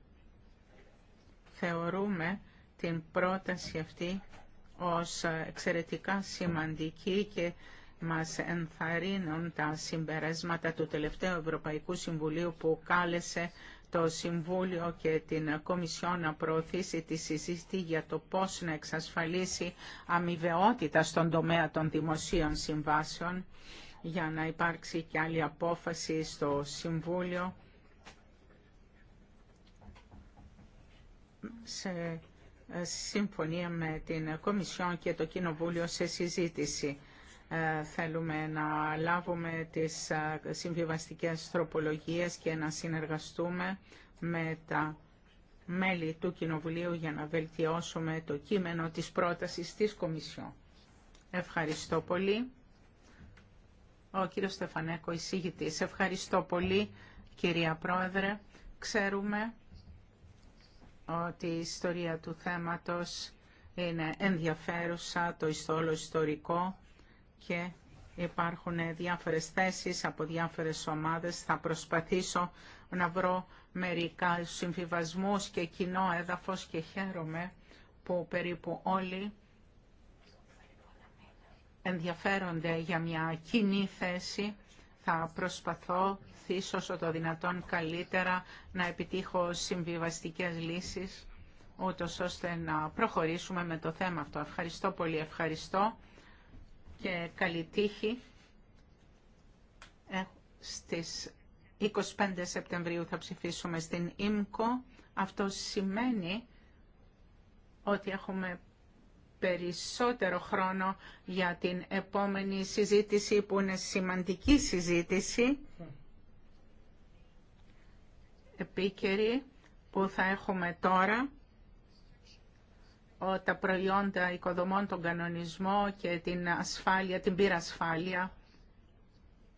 Θεωρούμε την πρόταση αυτή ως εξαιρετικά σημαντική και μας ενθαρρύνουν τα συμπερέσματα του τελευταίου Ευρωπαϊκού Συμβουλίου που κάλεσε το Συμβούλιο και την Κομισιό να προωθήσει τη συζήτηση για το πώς να εξασφαλίσει αμοιβαιότητα στον τομέα των δημοσίων συμβάσεων για να υπάρξει και άλλη απόφαση στο Συμβούλιο σε συμφωνία με την Κομισιόν και το Κοινοβούλιο σε συζήτηση. Ε, θέλουμε να λάβουμε τις ε, συμβιβαστικές τροπολογίες και να συνεργαστούμε με τα μέλη του Κοινοβουλίου για να βελτιώσουμε το κείμενο της πρότασης της Κομισιόν. Ευχαριστώ πολύ. Ο κύριος Στεφανέκο, εισήγητης. Ευχαριστώ πολύ, κυρία Πρόεδρε. Ξέρουμε ότι η ιστορία του θέματος είναι ενδιαφέρουσα, το ιστόλο ιστορικό και υπάρχουν διάφορες θέσεις από διάφορες ομάδες. Θα προσπαθήσω να βρω μερικά συμβιβασμούς και κοινό έδαφος και χαίρομαι που περίπου όλοι ενδιαφέρονται για μια κοινή θέση. Θα προσπαθώ όσο το δυνατόν καλύτερα να επιτύχω συμβιβαστικές λύσεις ούτως ώστε να προχωρήσουμε με το θέμα αυτό. Ευχαριστώ πολύ. Ευχαριστώ και καλή τύχη. Ε, στις 25 Σεπτεμβρίου θα ψηφίσουμε στην ΙΜΚΟ. Αυτό σημαίνει ότι έχουμε περισσότερο χρόνο για την επόμενη συζήτηση που είναι σημαντική συζήτηση επίκαιρη που θα έχουμε τώρα τα προϊόντα οικοδομών, τον κανονισμό και την ασφάλεια, την πυρασφάλεια.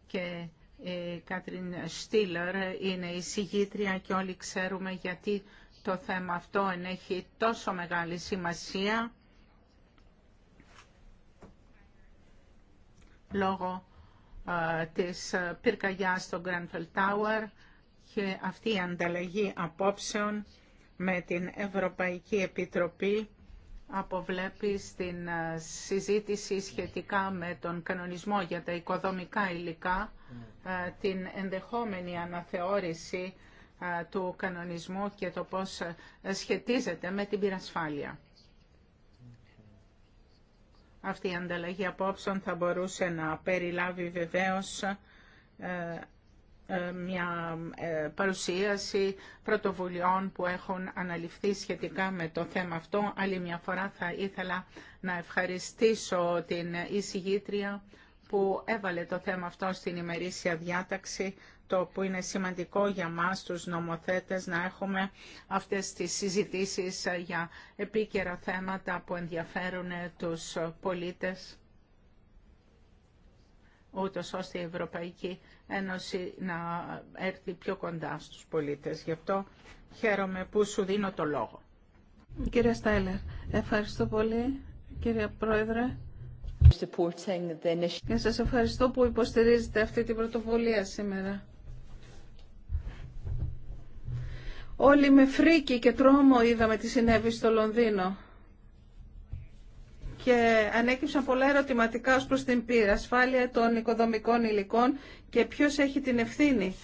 Και η ε, Κάτριν Στίλερ είναι η συγγήτρια και όλοι ξέρουμε γιατί το θέμα αυτό ενέχει τόσο μεγάλη σημασία λόγω ε, της ε, πυρκαγιάς στο Γκράνφελ Τάουερ και αυτή η ανταλλαγή απόψεων με την Ευρωπαϊκή Επιτροπή αποβλέπει την ε, συζήτηση σχετικά με τον κανονισμό για τα οικοδομικά υλικά, ναι. ε, την ενδεχόμενη αναθεώρηση ε, του κανονισμού και το πώς σχετίζεται με την πυρασφάλεια. Αυτή η ανταλλαγή απόψεων θα μπορούσε να περιλάβει βεβαίως ε, μια ε, παρουσίαση πρωτοβουλειών που έχουν αναλυφθεί σχετικά με το θέμα αυτό. Άλλη μια φορά θα ήθελα να ευχαριστήσω την εισηγήτρια που έβαλε το θέμα αυτό στην ημερήσια διάταξη, το που είναι σημαντικό για μας τους νομοθέτες να έχουμε αυτές τις συζητήσεις για επίκαιρα θέματα που ενδιαφέρουν τους πολίτες ούτως ώστε η Ευρωπαϊκή Ένωση να έρθει πιο κοντά στους πολίτες. Γι' αυτό χαίρομαι που σου δίνω το λόγο. Κύριε Στάιλερ, ευχαριστώ πολύ κύριε Πρόεδρε και σας ευχαριστώ που υποστηρίζετε αυτή την πρωτοβουλία σήμερα. Όλοι με φρίκη και τρόμο είδαμε τι συνέβη στο Λονδίνο και ανέκυψαν πολλά ερωτηματικά ως προς την πύρα, ασφάλεια των οικοδομικών υλικών και ποιος έχει την ευθύνη.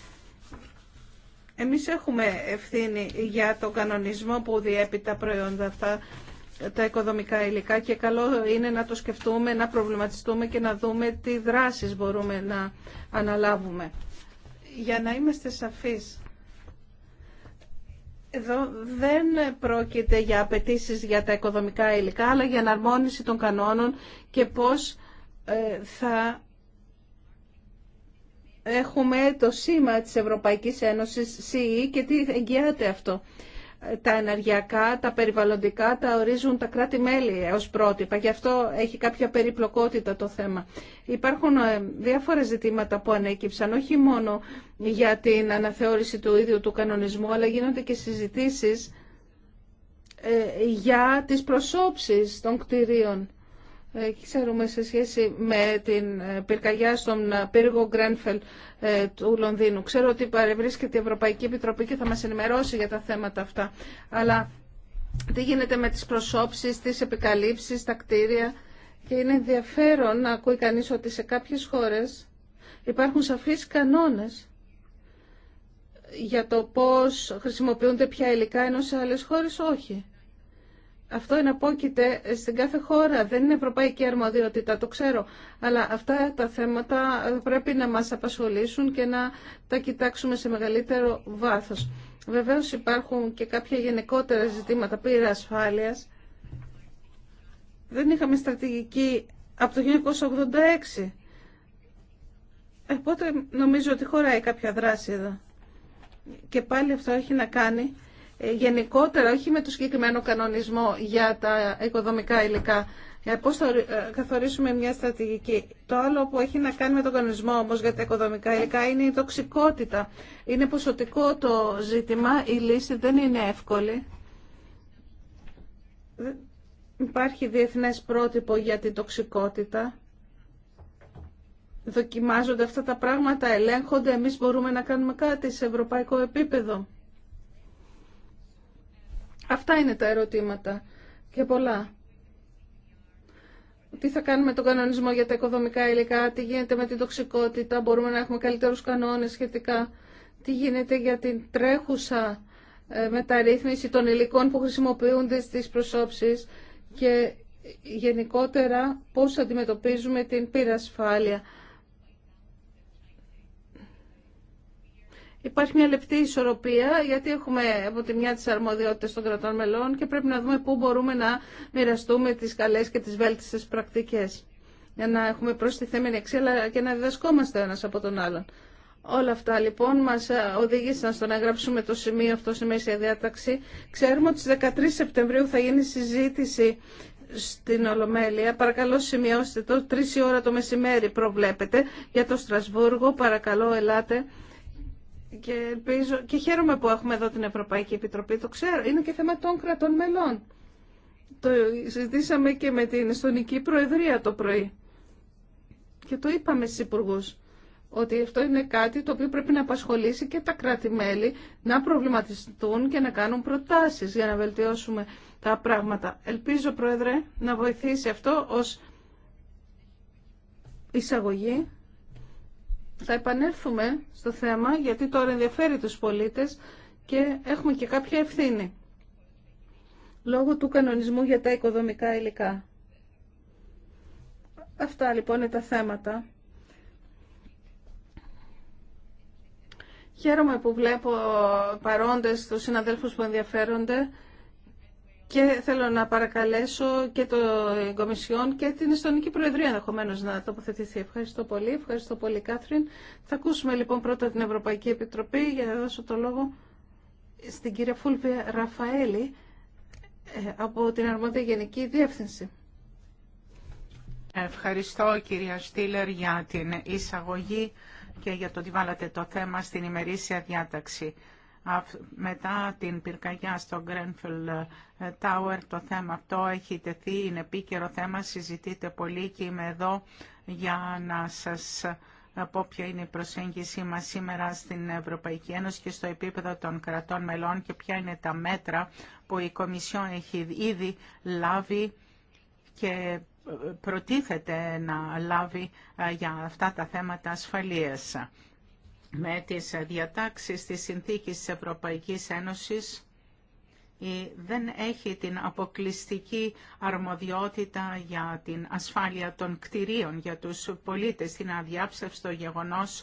Εμείς έχουμε ευθύνη για τον κανονισμό που διέπει τα προϊόντα τα οικοδομικά υλικά και καλό είναι να το σκεφτούμε, να προβληματιστούμε και να δούμε τι δράσεις μπορούμε να αναλάβουμε. Για να είμαστε σαφείς, εδώ δεν πρόκειται για απαιτήσει για τα οικοδομικά υλικά, αλλά για εναρμόνιση των κανόνων και πώς ε, θα έχουμε το σήμα της Ευρωπαϊκής Ένωσης, CE, και τι εγγυάται αυτό τα ενεργειακά, τα περιβαλλοντικά τα ορίζουν τα κράτη-μέλη ως πρότυπα. Γι' αυτό έχει κάποια περιπλοκότητα το θέμα. Υπάρχουν ε, διάφορα ζητήματα που ανέκυψαν, όχι μόνο για την αναθεώρηση του ίδιου του κανονισμού, αλλά γίνονται και συζητήσεις ε, για τις προσώψεις των κτηρίων. Ε, ξέρουμε σε σχέση με την ε, πυρκαγιά στον ε, πύργο Γκρένφελ του Λονδίνου. Ξέρω ότι παρευρίσκεται η Ευρωπαϊκή Επιτροπή και θα μας ενημερώσει για τα θέματα αυτά. Αλλά τι γίνεται με τις προσώψεις, τις επικαλύψεις, τα κτίρια. Και είναι ενδιαφέρον να ακούει κανείς ότι σε κάποιες χώρες υπάρχουν σαφείς κανόνες για το πώς χρησιμοποιούνται πια υλικά, ενώ σε άλλες χώρες όχι. Αυτό εναπόκειται στην κάθε χώρα, δεν είναι ευρωπαϊκή αρμοδιότητα, το ξέρω. Αλλά αυτά τα θέματα πρέπει να μας απασχολήσουν και να τα κοιτάξουμε σε μεγαλύτερο βάθος. Βεβαίως υπάρχουν και κάποια γενικότερα ζητήματα πύρα ασφάλειας. Δεν είχαμε στρατηγική από το 1986. Οπότε ε, νομίζω ότι χωράει κάποια δράση εδώ. Και πάλι αυτό έχει να κάνει ε, γενικότερα, όχι με το συγκεκριμένο κανονισμό για τα οικοδομικά υλικά. Ε, πώς θα ε, καθορίσουμε μια στρατηγική. Το άλλο που έχει να κάνει με τον κανονισμό όμως για τα οικοδομικά υλικά είναι η τοξικότητα. Είναι ποσοτικό το ζήτημα, η λύση δεν είναι εύκολη. Υπάρχει διεθνές πρότυπο για την τοξικότητα. Δοκιμάζονται αυτά τα πράγματα, ελέγχονται, εμείς μπορούμε να κάνουμε κάτι σε ευρωπαϊκό επίπεδο. Αυτά είναι τα ερωτήματα και πολλά. Τι θα κάνουμε τον κανονισμό για τα οικοδομικά υλικά, τι γίνεται με την τοξικότητα, μπορούμε να έχουμε καλύτερους κανόνες σχετικά, τι γίνεται για την τρέχουσα ε, μεταρρύθμιση των υλικών που χρησιμοποιούνται στις προσώψεις και γενικότερα πώς αντιμετωπίζουμε την πυρασφάλεια. Υπάρχει μια λεπτή ισορροπία γιατί έχουμε από τη μια τις αρμοδιότητες των κρατών μελών και πρέπει να δούμε πού μπορούμε να μοιραστούμε τις καλές και τις βέλτιστες πρακτικές για να έχουμε προστιθέμενη αξία αλλά και να διδασκόμαστε ένα από τον άλλον. Όλα αυτά λοιπόν μα οδήγησαν στο να γράψουμε το σημείο αυτό στη μέση διάταξη. Ξέρουμε ότι στις 13 Σεπτεμβρίου θα γίνει συζήτηση στην Ολομέλεια. Παρακαλώ σημειώστε το, τρει ώρα το μεσημέρι προβλέπετε για το Στρασβούργο. Παρακαλώ ελάτε και, ελπίζω, και χαίρομαι που έχουμε εδώ την Ευρωπαϊκή Επιτροπή, το ξέρω, είναι και θέμα των κρατών μελών. Το συζητήσαμε και με την Εστονική Προεδρία το πρωί. Και το είπαμε στις υπουργού ότι αυτό είναι κάτι το οποίο πρέπει να απασχολήσει και τα κράτη-μέλη να προβληματιστούν και να κάνουν προτάσεις για να βελτιώσουμε τα πράγματα. Ελπίζω, Πρόεδρε, να βοηθήσει αυτό ως εισαγωγή θα επανέλθουμε στο θέμα γιατί τώρα ενδιαφέρει τους πολίτες και έχουμε και κάποια ευθύνη λόγω του κανονισμού για τα οικοδομικά υλικά. Αυτά λοιπόν είναι τα θέματα. Χαίρομαι που βλέπω παρόντες τους συναδέλφους που ενδιαφέρονται και θέλω να παρακαλέσω και το ε, Κομισιόν και την Εστονική Προεδρία ενδεχομένω να τοποθετηθεί. Ευχαριστώ πολύ. Ευχαριστώ πολύ, Κάθριν. Θα ακούσουμε λοιπόν πρώτα την Ευρωπαϊκή Επιτροπή για να δώσω το λόγο στην κυρία Φούλβια Ραφαέλη ε, από την Αρμόδια Γενική Διεύθυνση. Ευχαριστώ κυρία Στήλερ για την εισαγωγή και για το ότι βάλατε το θέμα στην ημερήσια διάταξη μετά την πυρκαγιά στο Grenfell ε, Tower το θέμα αυτό έχει τεθεί, είναι επίκαιρο θέμα, συζητείτε πολύ και είμαι εδώ για να σας ε, πω ποια είναι η προσέγγιση μας σήμερα στην Ευρωπαϊκή Ένωση και στο επίπεδο των κρατών μελών και ποια είναι τα μέτρα που η Κομισιόν έχει ήδη λάβει και ε, προτίθεται να λάβει για αυτά τα θέματα ασφαλείας με τις διατάξεις της συνθήκης της Ευρωπαϊκής Ένωσης δεν έχει την αποκλειστική αρμοδιότητα για την ασφάλεια των κτηρίων για τους πολίτες. Είναι αδιάψευστο γεγονός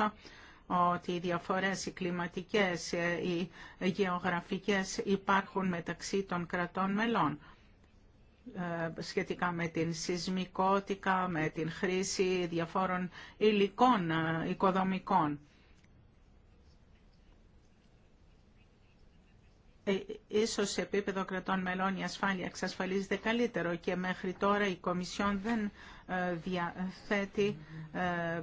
ότι οι διαφορές, οι κλιματικές, οι γεωγραφικές υπάρχουν μεταξύ των κρατών μελών ε, σχετικά με την σεισμικότητα, με την χρήση διαφόρων υλικών ε, οικοδομικών. Ε, ίσως σε επίπεδο κρατών μελών η ασφάλεια εξασφαλίζεται καλύτερο και μέχρι τώρα η Κομισιόν δεν ε, διαθέτει ε,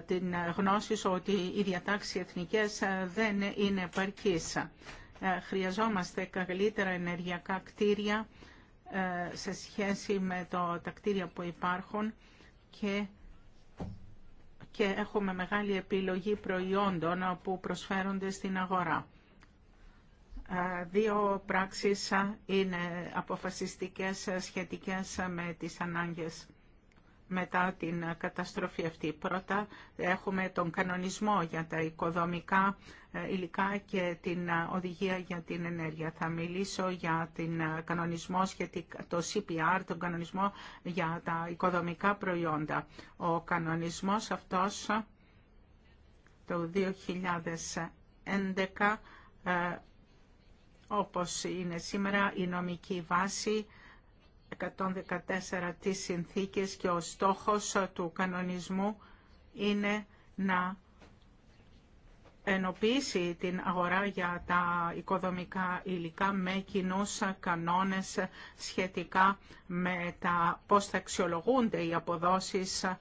την γνώση ότι οι διατάξεις εθνικές δεν είναι επαρκής. Χρειαζόμαστε καλύτερα ενεργειακά κτίρια σε σχέση με το, τα κτίρια που υπάρχουν και, και έχουμε μεγάλη επιλογή προϊόντων που προσφέρονται στην αγορά δύο πράξεις είναι αποφασιστικές σχετικές με τις ανάγκες μετά την καταστροφή αυτή. Πρώτα έχουμε τον κανονισμό για τα οικοδομικά ε, υλικά και την οδηγία για την ενέργεια. Θα μιλήσω για τον κανονισμό σχετικά, το CPR, τον κανονισμό για τα οικοδομικά προϊόντα. Ο κανονισμός αυτός το 2011 όπως είναι σήμερα η νομική βάση 114 της συνθήκης και ο στόχος του κανονισμού είναι να ενοποιήσει την αγορά για τα οικοδομικά υλικά με κοινού κανόνες σχετικά με τα πώς θα αξιολογούνται οι αποδόσεις ε,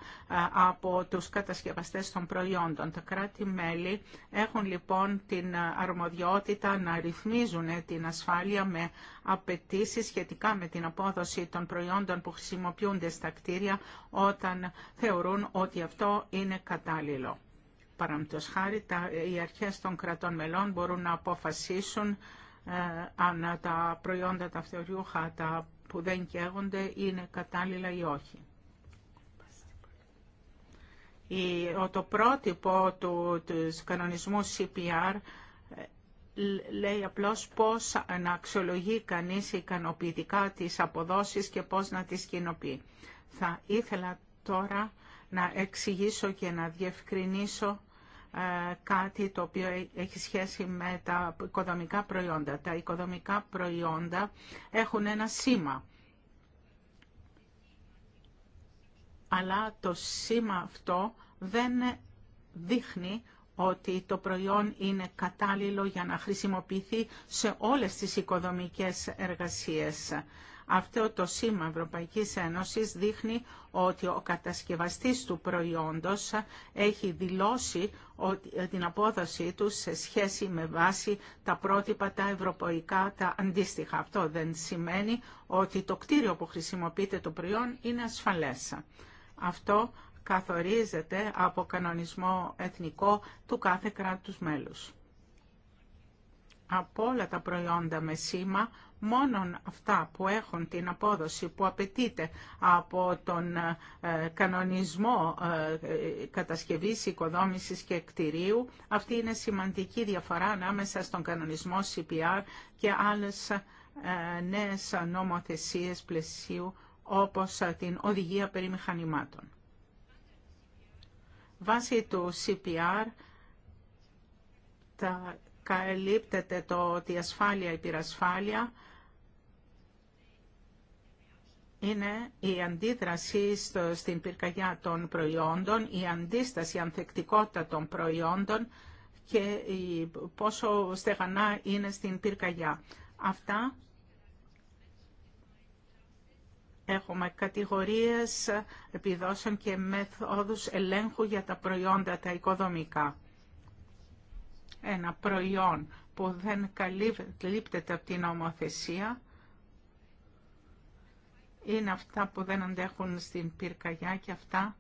από τους κατασκευαστές των προϊόντων. Τα κράτη-μέλη έχουν λοιπόν την αρμοδιότητα να ρυθμίζουν την ασφάλεια με απαιτήσει σχετικά με την απόδοση των προϊόντων που χρησιμοποιούνται στα κτίρια όταν θεωρούν ότι αυτό είναι κατάλληλο χάρη, τα, οι αρχές των κρατών μελών μπορούν να αποφασίσουν ε, αν τα προϊόντα τα τα που δεν καίγονται είναι κατάλληλα ή όχι. Η, το πρότυπο του, του κανονισμού CPR ε, λέει απλώς πώς να αξιολογεί κανείς ικανοποιητικά τις αποδόσεις και πώς να τις κοινοποιεί. Θα ήθελα τώρα να εξηγήσω και να διευκρινίσω ε, κάτι το οποίο έχει σχέση με τα οικοδομικά προϊόντα. Τα οικοδομικά προϊόντα έχουν ένα σήμα. Αλλά το σήμα αυτό δεν δείχνει ότι το προϊόν είναι κατάλληλο για να χρησιμοποιηθεί σε όλες τις οικοδομικές εργασίες. Αυτό το σήμα Ευρωπαϊκής Ένωσης δείχνει ότι ο κατασκευαστής του προϊόντος έχει δηλώσει ε, την απόδοσή του σε σχέση με βάση τα πρότυπα τα ευρωπαϊκά τα αντίστοιχα. Αυτό δεν σημαίνει ότι το κτίριο που χρησιμοποιείται το προϊόν είναι ασφαλές. Αυτό καθορίζεται από κανονισμό εθνικό του κάθε κράτους μέλους. Από όλα τα προϊόντα με σήμα, μόνον αυτά που έχουν την απόδοση που απαιτείται από τον ε, κανονισμό ε, ε, κατασκευής, οικοδόμησης και κτηρίου. Αυτή είναι σημαντική διαφορά ανάμεσα στον κανονισμό CPR και άλλες νέες νομοθεσίες πλαισίου όπως την οδηγία περί μηχανημάτων. Βάσει του CPR τα καλύπτεται το ότι ασφάλεια υπηρασφάλεια είναι η αντίδραση στην πυρκαγιά των προϊόντων, η αντίσταση, η ανθεκτικότητα των προϊόντων και η, πόσο στεγανά είναι στην πυρκαγιά. Αυτά έχουμε κατηγορίες επιδόσεων και μέθοδους ελέγχου για τα προϊόντα τα οικοδομικά. Ένα προϊόν που δεν καλύπτεται από την νομοθεσία είναι αυτά που δεν αντέχουν στην πυρκαγιά και αυτά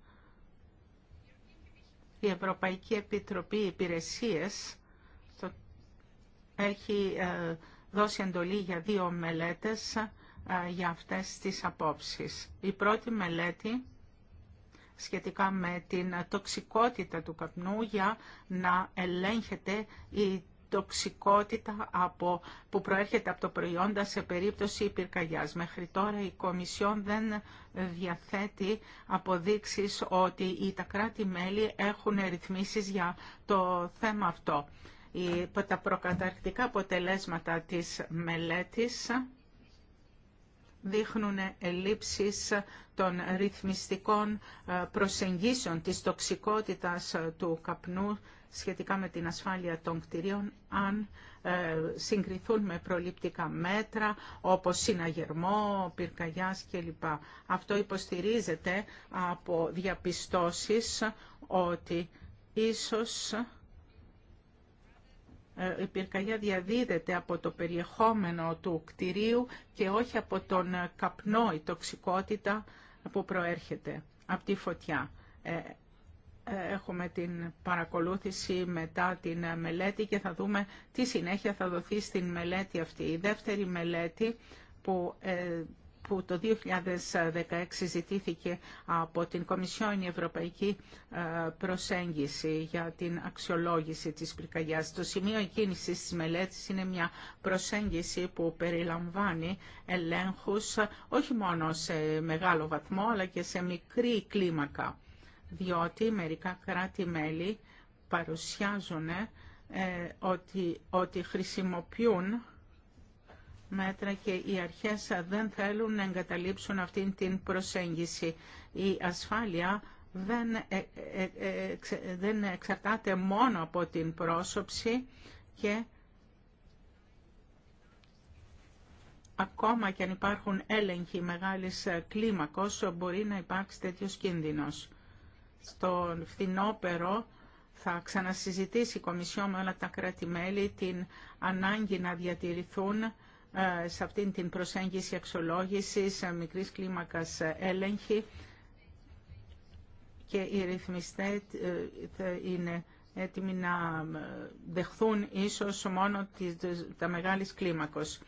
η Ευρωπαϊκή Επιτροπή Υπηρεσίες έχει ε, δώσει εντολή για δύο μελέτες ε, για αυτές τις απόψεις. Η πρώτη μελέτη σχετικά με την τοξικότητα του καπνού για να ελέγχεται η τοξικότητα από, που προέρχεται από το προϊόντα σε περίπτωση πυρκαγιάς. Μέχρι τώρα η Κομισιόν δεν διαθέτει αποδείξεις ότι τα κράτη-μέλη έχουν ρυθμίσεις για το θέμα αυτό. Τα προκαταρκτικά αποτελέσματα της μελέτης δείχνουν ελλείψεις των ρυθμιστικών ε, προσεγγίσεων της τοξικότητας ε, του καπνού σχετικά με την ασφάλεια των κτηρίων αν ε, συγκριθούν με προληπτικά μέτρα όπως συναγερμό, πυρκαγιάς κλπ. Αυτό υποστηρίζεται από διαπιστώσεις ότι ίσως ε, η πυρκαγιά διαδίδεται από το περιεχόμενο του κτηρίου και όχι από τον ε, καπνό, η τοξικότητα που προέρχεται από τη φωτιά έχουμε την παρακολούθηση μετά την μελέτη και θα δούμε τι συνέχεια θα δοθεί στην μελέτη αυτή. Η δεύτερη μελέτη που, ε, που το 2016 ζητήθηκε από την Κομισιόν η Ευρωπαϊκή ε, Προσέγγιση για την αξιολόγηση της πυρκαγιάς. Το σημείο εκκίνησης της μελέτης είναι μια προσέγγιση που περιλαμβάνει ελέγχους ε, όχι μόνο σε μεγάλο βαθμό αλλά και σε μικρή κλίμακα διότι μερικά κράτη-μέλη παρουσιάζουν ε, ότι, ότι χρησιμοποιούν μέτρα και οι αρχές δεν θέλουν να εγκαταλείψουν αυτήν την προσέγγιση. Η ασφάλεια δεν, ε, ε, δεν εξαρτάται μόνο από την πρόσωψη και ακόμα και αν υπάρχουν έλεγχοι μεγάλης κλίμακος μπορεί να υπάρξει τέτοιος κίνδυνος. Στον φθινόπερο θα ξανασυζητήσει η Κομισιό με όλα τα κράτη-μέλη την ανάγκη να διατηρηθούν ε, σε αυτήν την προσέγγιση αξιολόγησης ε, μικρής κλίμακας έλεγχη και οι ρυθμιστές ε, είναι έτοιμοι να δεχθούν ίσως μόνο τα μεγάλης κλίμακος.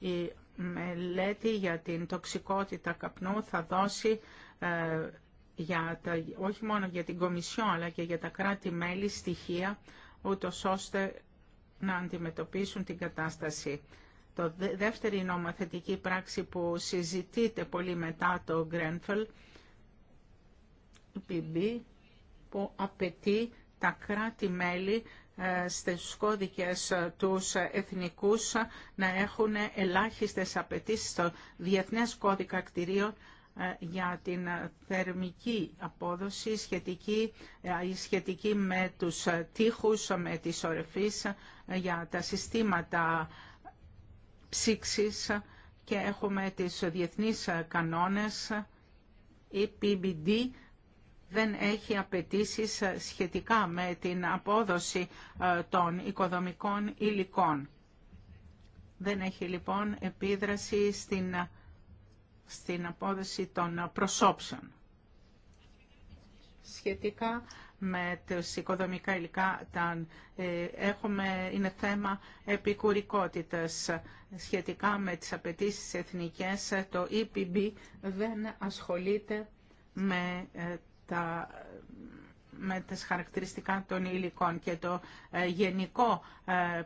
Η μελέτη για την τοξικότητα καπνού θα δώσει για τα, όχι μόνο για την Κομισιό αλλά και για τα κράτη-μέλη στοιχεία ούτω ώστε να αντιμετωπίσουν την κατάσταση. Το δεύτερη νομοθετική πράξη που συζητείται πολύ μετά το Grenfell, PB, που απαιτεί τα κράτη-μέλη ε, στις κώδικες ε, τους εθνικούς να έχουν ελάχιστες απαιτήσεις στο Διεθνές Κώδικα Κτηρίων ε, για την ε, θερμική απόδοση σχετική, ε, σχετική με τους τείχους, με τις ορεφείς, για τα συστήματα ψήξης και έχουμε τις διεθνείς κανόνες. Η PBD δεν έχει απαιτήσει σχετικά με την απόδοση των οικοδομικών υλικών. Δεν έχει λοιπόν επίδραση στην στην απόδοση των προσώψεων. Σχετικά με τα οικοδομικά υλικά ε, έχουμε, είναι θέμα επικουρικότητας. Σχετικά με τις απαιτήσει εθνικές, το EPB δεν ασχολείται με ε, τα με τις χαρακτηριστικά των υλικών και το ε, γενικό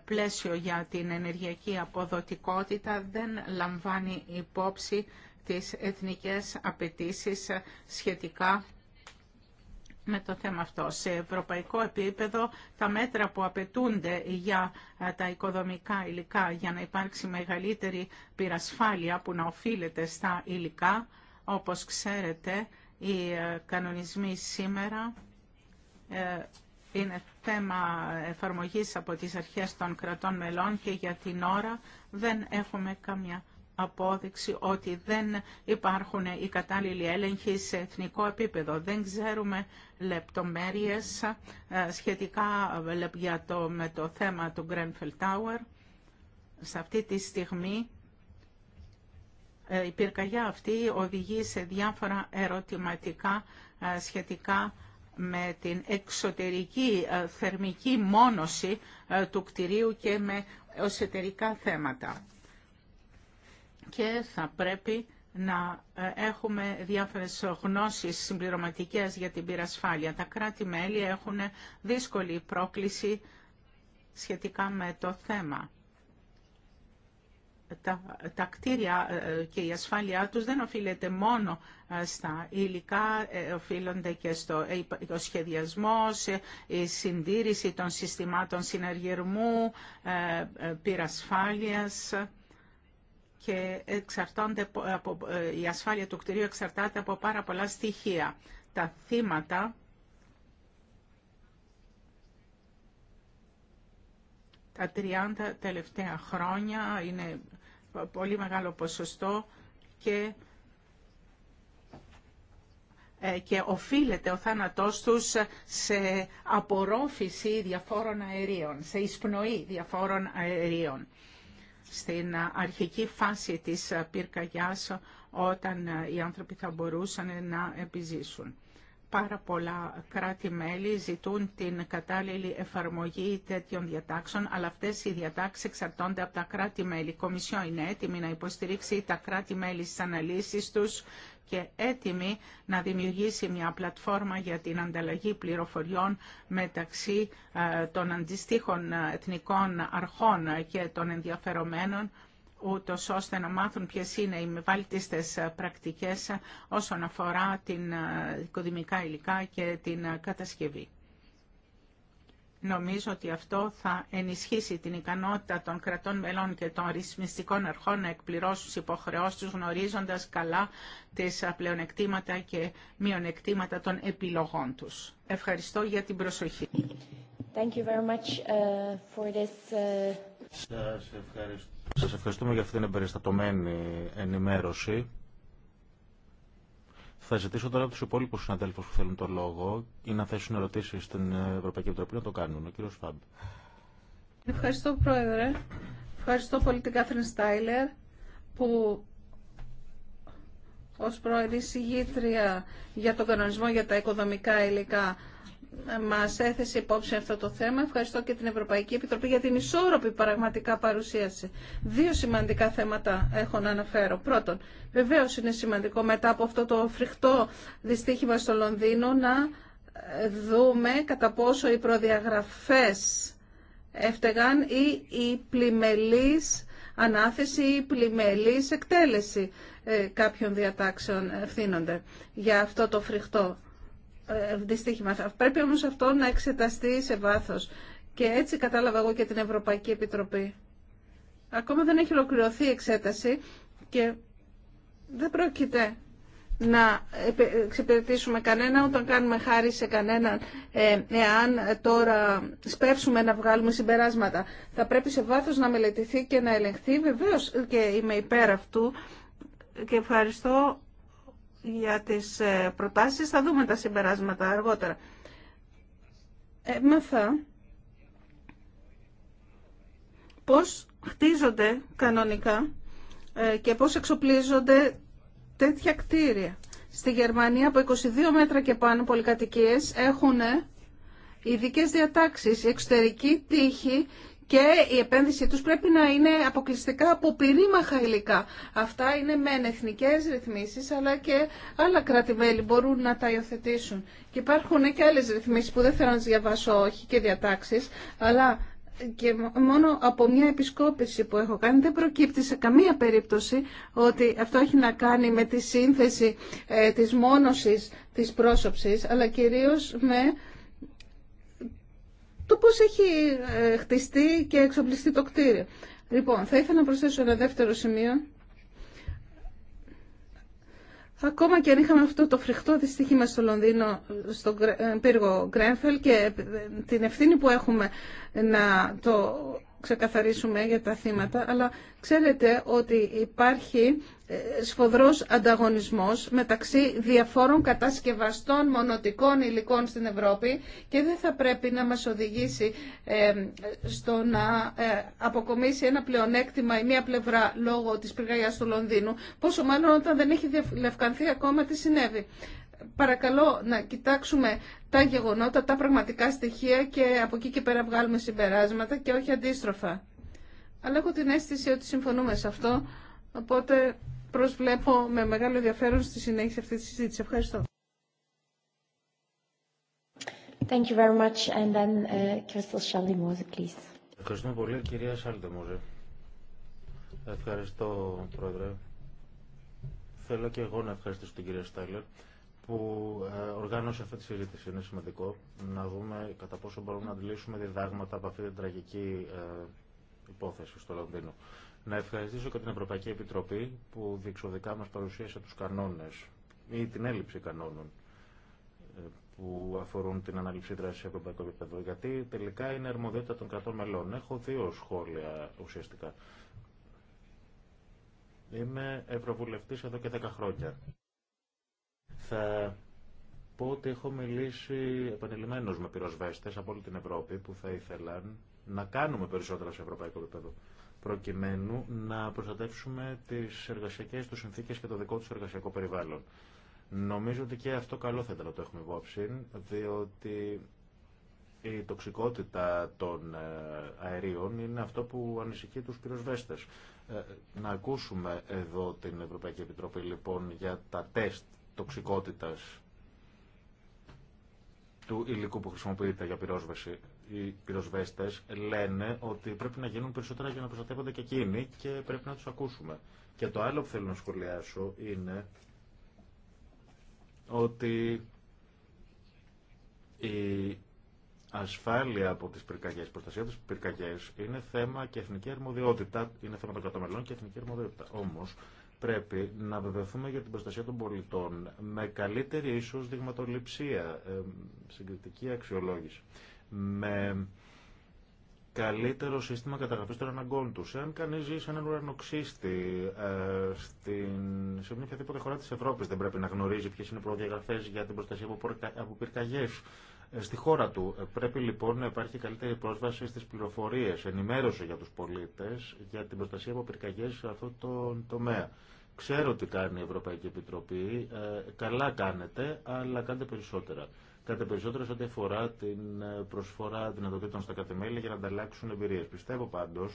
πλαίσιο για την ενεργειακή αποδοτικότητα δεν λαμβάνει υπόψη τις εθνικές απαιτήσεις σχετικά με το θέμα αυτό. Σε ευρωπαϊκό επίπεδο, τα μέτρα που απαιτούνται για ε, τα οικοδομικά υλικά για να υπάρξει μεγαλύτερη πυρασφάλεια που να οφείλεται στα υλικά, όπως ξέρετε, οι ε, κανονισμοί σήμερα ε, είναι θέμα εφαρμογής από τις αρχές των κρατών μελών και για την ώρα δεν έχουμε καμιά απόδειξη ότι δεν υπάρχουν οι κατάλληλοι έλεγχοι σε εθνικό επίπεδο. Δεν ξέρουμε λεπτομέρειες ε, σχετικά ε, για το, με το θέμα του Grenfell Tower. Σε αυτή τη στιγμή ε, η πυρκαγιά αυτή οδηγεί σε διάφορα ερωτηματικά σχετικά με την εξωτερική θερμική μόνωση του κτηρίου και με εσωτερικά θέματα και θα πρέπει να ε, έχουμε διάφορες γνώσεις συμπληρωματικές για την πυρασφάλεια. Τα κράτη-μέλη έχουν δύσκολη πρόκληση σχετικά με το θέμα. Τα, τα κτίρια ε, και η ασφάλειά τους δεν οφείλεται μόνο ε, στα υλικά, οφείλονται και στο σχεδιασμό, σχεδιασμός, η συντήρηση των συστημάτων συνεργερμού, πυρασφάλειας και εξαρτώνται ε, η ασφάλεια του κτηρίου εξαρτάται από πάρα πολλά στοιχεία. Τα θύματα τα 30 τελευταία χρόνια είναι πολύ μεγάλο ποσοστό και ε, και οφείλεται ο θάνατός τους σε απορρόφηση διαφόρων αερίων, σε εισπνοή διαφόρων αερίων στην αρχική φάση της πυρκαγιάς όταν οι άνθρωποι θα μπορούσαν να επιζήσουν πάρα πολλά κράτη-μέλη ζητούν την κατάλληλη εφαρμογή τέτοιων διατάξεων, αλλά αυτές οι διατάξεις εξαρτώνται από τα κράτη-μέλη. Η Κομισιό είναι έτοιμη να υποστηρίξει τα κράτη-μέλη στις αναλύσεις τους και έτοιμη να δημιουργήσει μια πλατφόρμα για την ανταλλαγή πληροφοριών μεταξύ ε, των αντιστοίχων ε, εθνικών αρχών και των ενδιαφερομένων ούτω ώστε να μάθουν ποιες είναι οι βαλτίστες πρακτικές όσον αφορά την ε, οικοδημικά υλικά και την ε, κατασκευή. Νομίζω ότι αυτό θα ενισχύσει την ικανότητα των κρατών μελών και των ρυθμιστικών αρχών να εκπληρώσουν τις υποχρεώσεις τους γνωρίζοντας καλά τις ε, πλεονεκτήματα και μειονεκτήματα των επιλογών τους. Ευχαριστώ για την προσοχή. Thank you very much for this... Σας ευχαριστούμε για αυτή την εμπεριστατωμένη ενημέρωση. Θα ζητήσω τώρα από του υπόλοιπου συναντέλφου που θέλουν το λόγο ή να θέσουν ερωτήσει στην Ευρωπαϊκή Επιτροπή να το κάνουν. Ο κύριο Φαμπ. Ευχαριστώ, Πρόεδρε. Ευχαριστώ πολύ την Κάθριν Στάιλερ που ως προεδρή συγγήτρια για τον κανονισμό για τα οικοδομικά υλικά μας έθεσε υπόψη αυτό το θέμα. Ευχαριστώ και την Ευρωπαϊκή Επιτροπή για την ισόρροπη πραγματικά παρουσίαση. Δύο σημαντικά θέματα έχω να αναφέρω. Πρώτον, βεβαίως είναι σημαντικό μετά από αυτό το φρικτό δυστύχημα στο Λονδίνο να δούμε κατά πόσο οι προδιαγραφές έφτεγαν ή η πλημελής ανάθεση ή πλημελής εκτέλεση ε, κάποιων διατάξεων ευθύνονται για αυτό το φρικτό ε, δυστύχημα. Πρέπει όμως αυτό να εξεταστεί σε βάθος. Και έτσι κατάλαβα εγώ και την Ευρωπαϊκή Επιτροπή. Ακόμα δεν έχει ολοκληρωθεί η εξέταση και δεν πρόκειται να εξυπηρετήσουμε κανένα όταν κάνουμε χάρη σε κανέναν ε, εάν τώρα σπεύσουμε να βγάλουμε συμπεράσματα. Θα πρέπει σε βάθος να μελετηθεί και να ελεγχθεί. Βεβαίως και είμαι υπέρ αυτού και ευχαριστώ για τις ε, προτάσεις. Θα δούμε τα συμπεράσματα αργότερα. Έμαθα ε, πώς χτίζονται κανονικά ε, και πώς εξοπλίζονται τέτοια κτίρια. Στη Γερμανία από 22 μέτρα και πάνω πολυκατοικίες έχουν ειδικέ διατάξεις, εξωτερική τύχη και η επένδυσή τους πρέπει να είναι αποκλειστικά από πυρήμαχα υλικά. Αυτά είναι μεν εθνικές ρυθμίσεις, αλλά και άλλα κράτη-μέλη μπορούν να τα υιοθετήσουν. Και υπάρχουν και άλλες ρυθμίσεις που δεν θέλω να τις διαβάσω όχι και διατάξεις, αλλά και μόνο από μια επισκόπηση που έχω κάνει δεν προκύπτει σε καμία περίπτωση ότι αυτό έχει να κάνει με τη σύνθεση ε, της μόνωσης της πρόσωψης, αλλά κυρίως με το πώς έχει ε, χτιστεί και εξοπλιστεί το κτίριο. Λοιπόν, θα ήθελα να προσθέσω ένα δεύτερο σημείο. Ακόμα και αν είχαμε αυτό το φρικτό δυστύχημα στο Λονδίνο, στον ε, πύργο Γκρέμφελ και ε, την ευθύνη που έχουμε να το ξεκαθαρίσουμε για τα θύματα, αλλά ξέρετε ότι υπάρχει σφοδρός ανταγωνισμός μεταξύ διαφόρων κατασκευαστών μονοτικών υλικών στην Ευρώπη και δεν θα πρέπει να μας οδηγήσει ε, στο να ε, αποκομίσει ένα πλεονέκτημα η μία πλευρά λόγω της πυρκαγιάς του Λονδίνου, πόσο μάλλον όταν δεν έχει διαλευκανθεί ακόμα τι συνέβη. Παρακαλώ να κοιτάξουμε τα γεγονότα, τα πραγματικά στοιχεία και από εκεί και πέρα βγάλουμε συμπεράσματα και όχι αντίστροφα. Αλλά έχω την αίσθηση ότι συμφωνούμε σε αυτό, οπότε προσβλέπω με μεγάλο ενδιαφέρον στη συνέχεια αυτή τη συζήτηση. Ευχαριστώ. Thank you very much. And then, uh, please. Ευχαριστούμε πολύ, κυρία Σάλτεμόζε. Ευχαριστώ, Πρόεδρε. Θέλω και εγώ να ευχαριστήσω την κυρία Στάιλερ που ε, οργάνωσε αυτή τη συζήτηση. Είναι σημαντικό να δούμε κατά πόσο μπορούμε να αντιλήσουμε διδάγματα από αυτή την τραγική ε, υπόθεση στο Λονδίνο. Να ευχαριστήσω και την Ευρωπαϊκή Επιτροπή που διεξοδικά μας παρουσίασε τους κανόνες ή την έλλειψη κανόνων ε, που αφορούν την ανάληψη δράση σε ευρωπαϊκό επίπεδο, γιατί τελικά είναι αρμοδιότητα των κρατών μελών. Έχω δύο σχόλια ουσιαστικά. Είμαι ευρωβουλευτής εδώ και 10 χρόνια. Θα πω ότι έχω μιλήσει επανειλημμένως με πυροσβέστες από όλη την Ευρώπη που θα ήθελαν να κάνουμε περισσότερα σε ευρωπαϊκό επίπεδο προκειμένου να προστατεύσουμε τις εργασιακές του συνθήκες και το δικό τους εργασιακό περιβάλλον. Νομίζω ότι και αυτό καλό θα ήταν να το έχουμε υπόψη, διότι η τοξικότητα των ε, αερίων είναι αυτό που ανησυχεί τους πυροσβέστες. Ε, να ακούσουμε εδώ την Ευρωπαϊκή Επιτροπή λοιπόν για τα τεστ τοξικότητας του υλικού που χρησιμοποιείται για πυρόσβεση οι πυροσβέστε λένε ότι πρέπει να γίνουν περισσότερα για να προστατεύονται και εκείνοι και πρέπει να τους ακούσουμε. Και το άλλο που θέλω να σχολιάσω είναι ότι η ασφάλεια από τις πυρκαγιές, η προστασία από τις πυρκαγιές είναι θέμα και εθνική αρμοδιότητα, είναι θέμα των κρατομελών και εθνική αρμοδιότητα. Όμως πρέπει να βεβαιωθούμε για την προστασία των πολιτών με καλύτερη ίσως δειγματοληψία, συγκριτική αξιολόγηση με καλύτερο σύστημα καταγραφή των αναγκών του. Εάν κανεί ζει σε έναν ουρανοξύστη ε, σε μια οποιαδήποτε χώρα τη Ευρώπη, δεν πρέπει να γνωρίζει ποιε είναι οι προδιαγραφέ για την προστασία από πυρκαγιέ ε, στη χώρα του. Ε, πρέπει λοιπόν να υπάρχει καλύτερη πρόσβαση στις πληροφορίες, ενημέρωση για τους πολίτες, για την προστασία από πυρκαγιές σε αυτό το τομέα. Ξέρω τι κάνει η Ευρωπαϊκή Επιτροπή, ε, καλά κάνετε, αλλά κάντε περισσότερα κατά περισσότερο ό,τι αφορά την ε, προσφορά δυνατοτήτων στα κατεμέλια για να ανταλλάξουν εμπειρίε. Πιστεύω πάντω.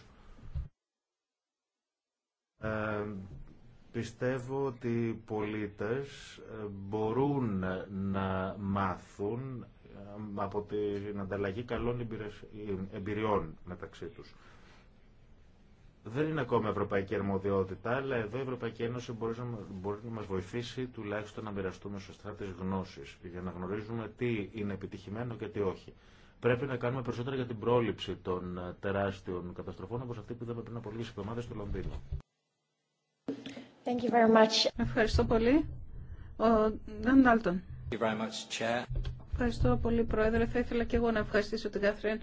Ε, πιστεύω ότι οι πολίτες ε, μπορούν να μάθουν από την ανταλλαγή καλών εμπειριών μεταξύ τους δεν είναι ακόμα ευρωπαϊκή αρμοδιότητα, αλλά εδώ η Ευρωπαϊκή Ένωση μπορεί να, μπορεί να μας βοηθήσει τουλάχιστον να μοιραστούμε σωστά τις γνώσεις για να γνωρίζουμε τι είναι επιτυχημένο και τι όχι. Πρέπει να κάνουμε περισσότερα για την πρόληψη των ε, τεράστιων καταστροφών όπως αυτή που είδαμε πριν από λίγες εβδομάδες στο Λονδίνο. Thank you very much. Ευχαριστώ πολύ. πολύ, Πρόεδρε. Θα ήθελα και εγώ να ευχαριστήσω την Κάθριν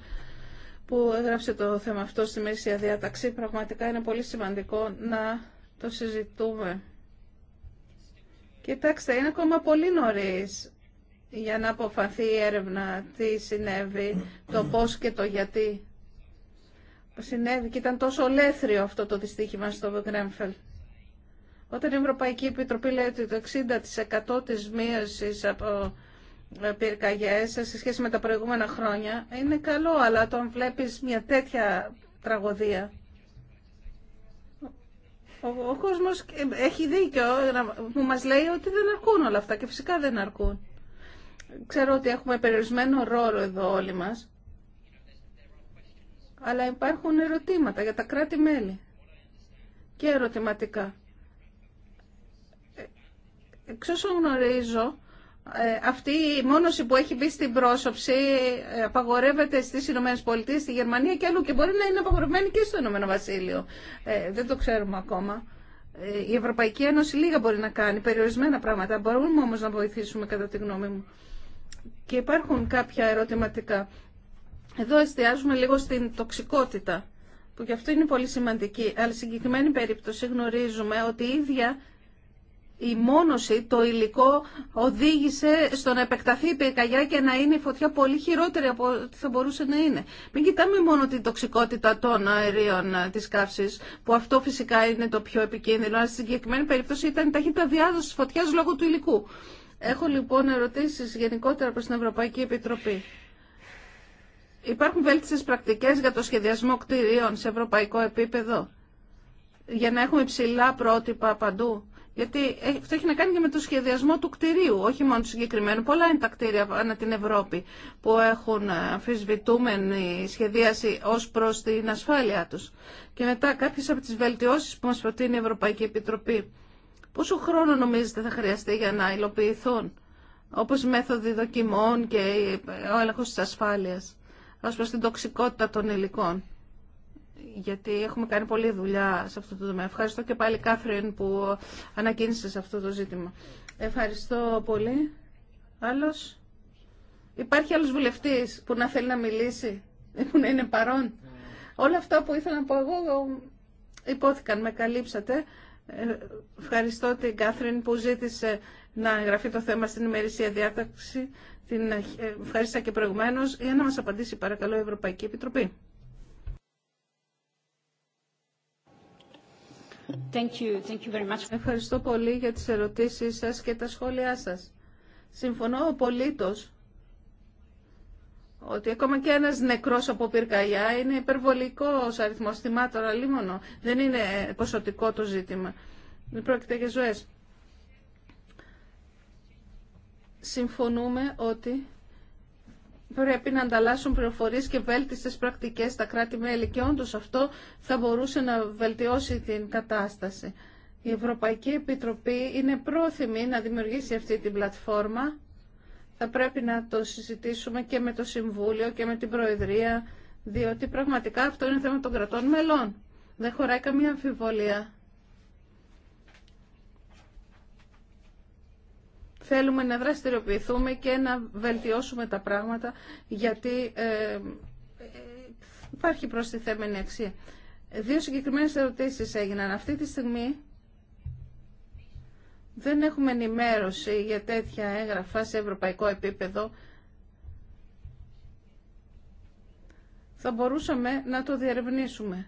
που έγραψε το θέμα αυτό στη Μέση Διάταξη. Πραγματικά είναι πολύ σημαντικό να το συζητούμε. Κοιτάξτε, είναι ακόμα πολύ νωρίς για να αποφανθεί η έρευνα τι συνέβη, το πώς και το γιατί. Συνέβη και ήταν τόσο ολέθριο αυτό το δυστύχημα στο Βεγκρέμφελ. Όταν η Ευρωπαϊκή Επιτροπή λέει ότι το 60% της μείωσης από πυρκαγιές σε σχέση με τα προηγούμενα χρόνια είναι καλό, αλλά όταν βλέπεις μια τέτοια τραγωδία ο, ο κόσμος έχει δίκιο που μας λέει ότι δεν αρκούν όλα αυτά και φυσικά δεν αρκούν. Ξέρω ότι έχουμε περιορισμένο ρόλο εδώ όλοι μας, αλλά υπάρχουν ερωτήματα για τα κράτη-μέλη και ερωτηματικά. Ε, εξ όσων γνωρίζω, ε, αυτή η μόνωση που έχει μπει στην πρόσωψη ε, απαγορεύεται στις Ηνωμένες Πολιτείες, στη Γερμανία και αλλού και μπορεί να είναι απαγορευμένη και στο Ηνωμένο Βασίλειο. Ε, δεν το ξέρουμε ακόμα. Ε, η Ευρωπαϊκή Ένωση λίγα μπορεί να κάνει, περιορισμένα πράγματα. Μπορούμε όμως να βοηθήσουμε κατά τη γνώμη μου. Και υπάρχουν κάποια ερωτηματικά. Εδώ εστιάζουμε λίγο στην τοξικότητα, που και αυτό είναι πολύ σημαντική. Αλλά συγκεκριμένη περίπτωση γνωρίζουμε ότι η ίδια η μόνωση, το υλικό οδήγησε στο να επεκταθεί η πυρκαγιά και να είναι η φωτιά πολύ χειρότερη από ό,τι θα μπορούσε να είναι. Μην κοιτάμε μόνο την τοξικότητα των αερίων ε, της καύσης, που αυτό φυσικά είναι το πιο επικίνδυνο, αλλά στην συγκεκριμένη περίπτωση ήταν η ταχύτητα διάδοση φωτιάς λόγω του υλικού. Έχω λοιπόν ερωτήσεις γενικότερα προς την Ευρωπαϊκή Επιτροπή. Υπάρχουν βέλτιστες πρακτικές για το σχεδιασμό κτηρίων σε ευρωπαϊκό επίπεδο για να έχουμε υψηλά πρότυπα παντού γιατί ε, αυτό έχει να κάνει και με το σχεδιασμό του κτηρίου, όχι μόνο του συγκεκριμένου. Πολλά είναι τα κτίρια ανά την Ευρώπη που έχουν αμφισβητούμενη σχεδίαση ω προς την ασφάλειά τους. Και μετά κάποιες από τις βελτιώσεις που μα προτείνει η Ευρωπαϊκή Επιτροπή. Πόσο χρόνο νομίζετε θα χρειαστεί για να υλοποιηθούν, όπω μέθοδοι δοκιμών και ο έλεγχος τη ασφάλειας, ως προς την τοξικότητα των υλικών γιατί έχουμε κάνει πολλή δουλειά σε αυτό το τομέα. Ευχαριστώ και πάλι Κάθριν που ανακοίνησε σε αυτό το ζήτημα. Ευχαριστώ πολύ. Άλλος. Υπάρχει άλλος βουλευτής που να θέλει να μιλήσει, που να είναι παρόν. Όλα αυτά που ήθελα να πω εγώ υπόθηκαν, με καλύψατε. Ευχαριστώ την Κάθριν που ζήτησε να εγγραφεί το θέμα στην ημερησία διάταξη. Την ε, ευχαριστώ και προηγουμένως για να μας απαντήσει παρακαλώ η Ευρωπαϊκή Επιτροπή. Ευχαριστώ πολύ για τις ερωτήσεις σας και τα σχόλιά σας. Συμφωνώ απολύτως ότι ακόμα και ένας νεκρός από πυρκαγιά είναι υπερβολικός αριθμός θυμάτων αλίμονο. Δεν είναι ποσοτικό το ζήτημα. Δεν πρόκειται για ζωές. Συμφωνούμε ότι πρέπει να ανταλλάσσουν πληροφορίες και βέλτιστες πρακτικές στα κράτη-μέλη και όντως αυτό θα μπορούσε να βελτιώσει την κατάσταση. Η Ευρωπαϊκή Επιτροπή είναι πρόθυμη να δημιουργήσει αυτή την πλατφόρμα. Θα πρέπει να το συζητήσουμε και με το Συμβούλιο και με την Προεδρία, διότι πραγματικά αυτό είναι θέμα των κρατών μελών. Δεν χωράει καμία αμφιβολία θέλουμε να δραστηριοποιηθούμε και να βελτιώσουμε τα πράγματα γιατί ε, υπάρχει προστιθέμενη αξία. Δύο συγκεκριμένες ερωτήσεις έγιναν. Αυτή τη στιγμή δεν έχουμε ενημέρωση για τέτοια έγγραφα σε ευρωπαϊκό επίπεδο. Θα μπορούσαμε να το διερευνήσουμε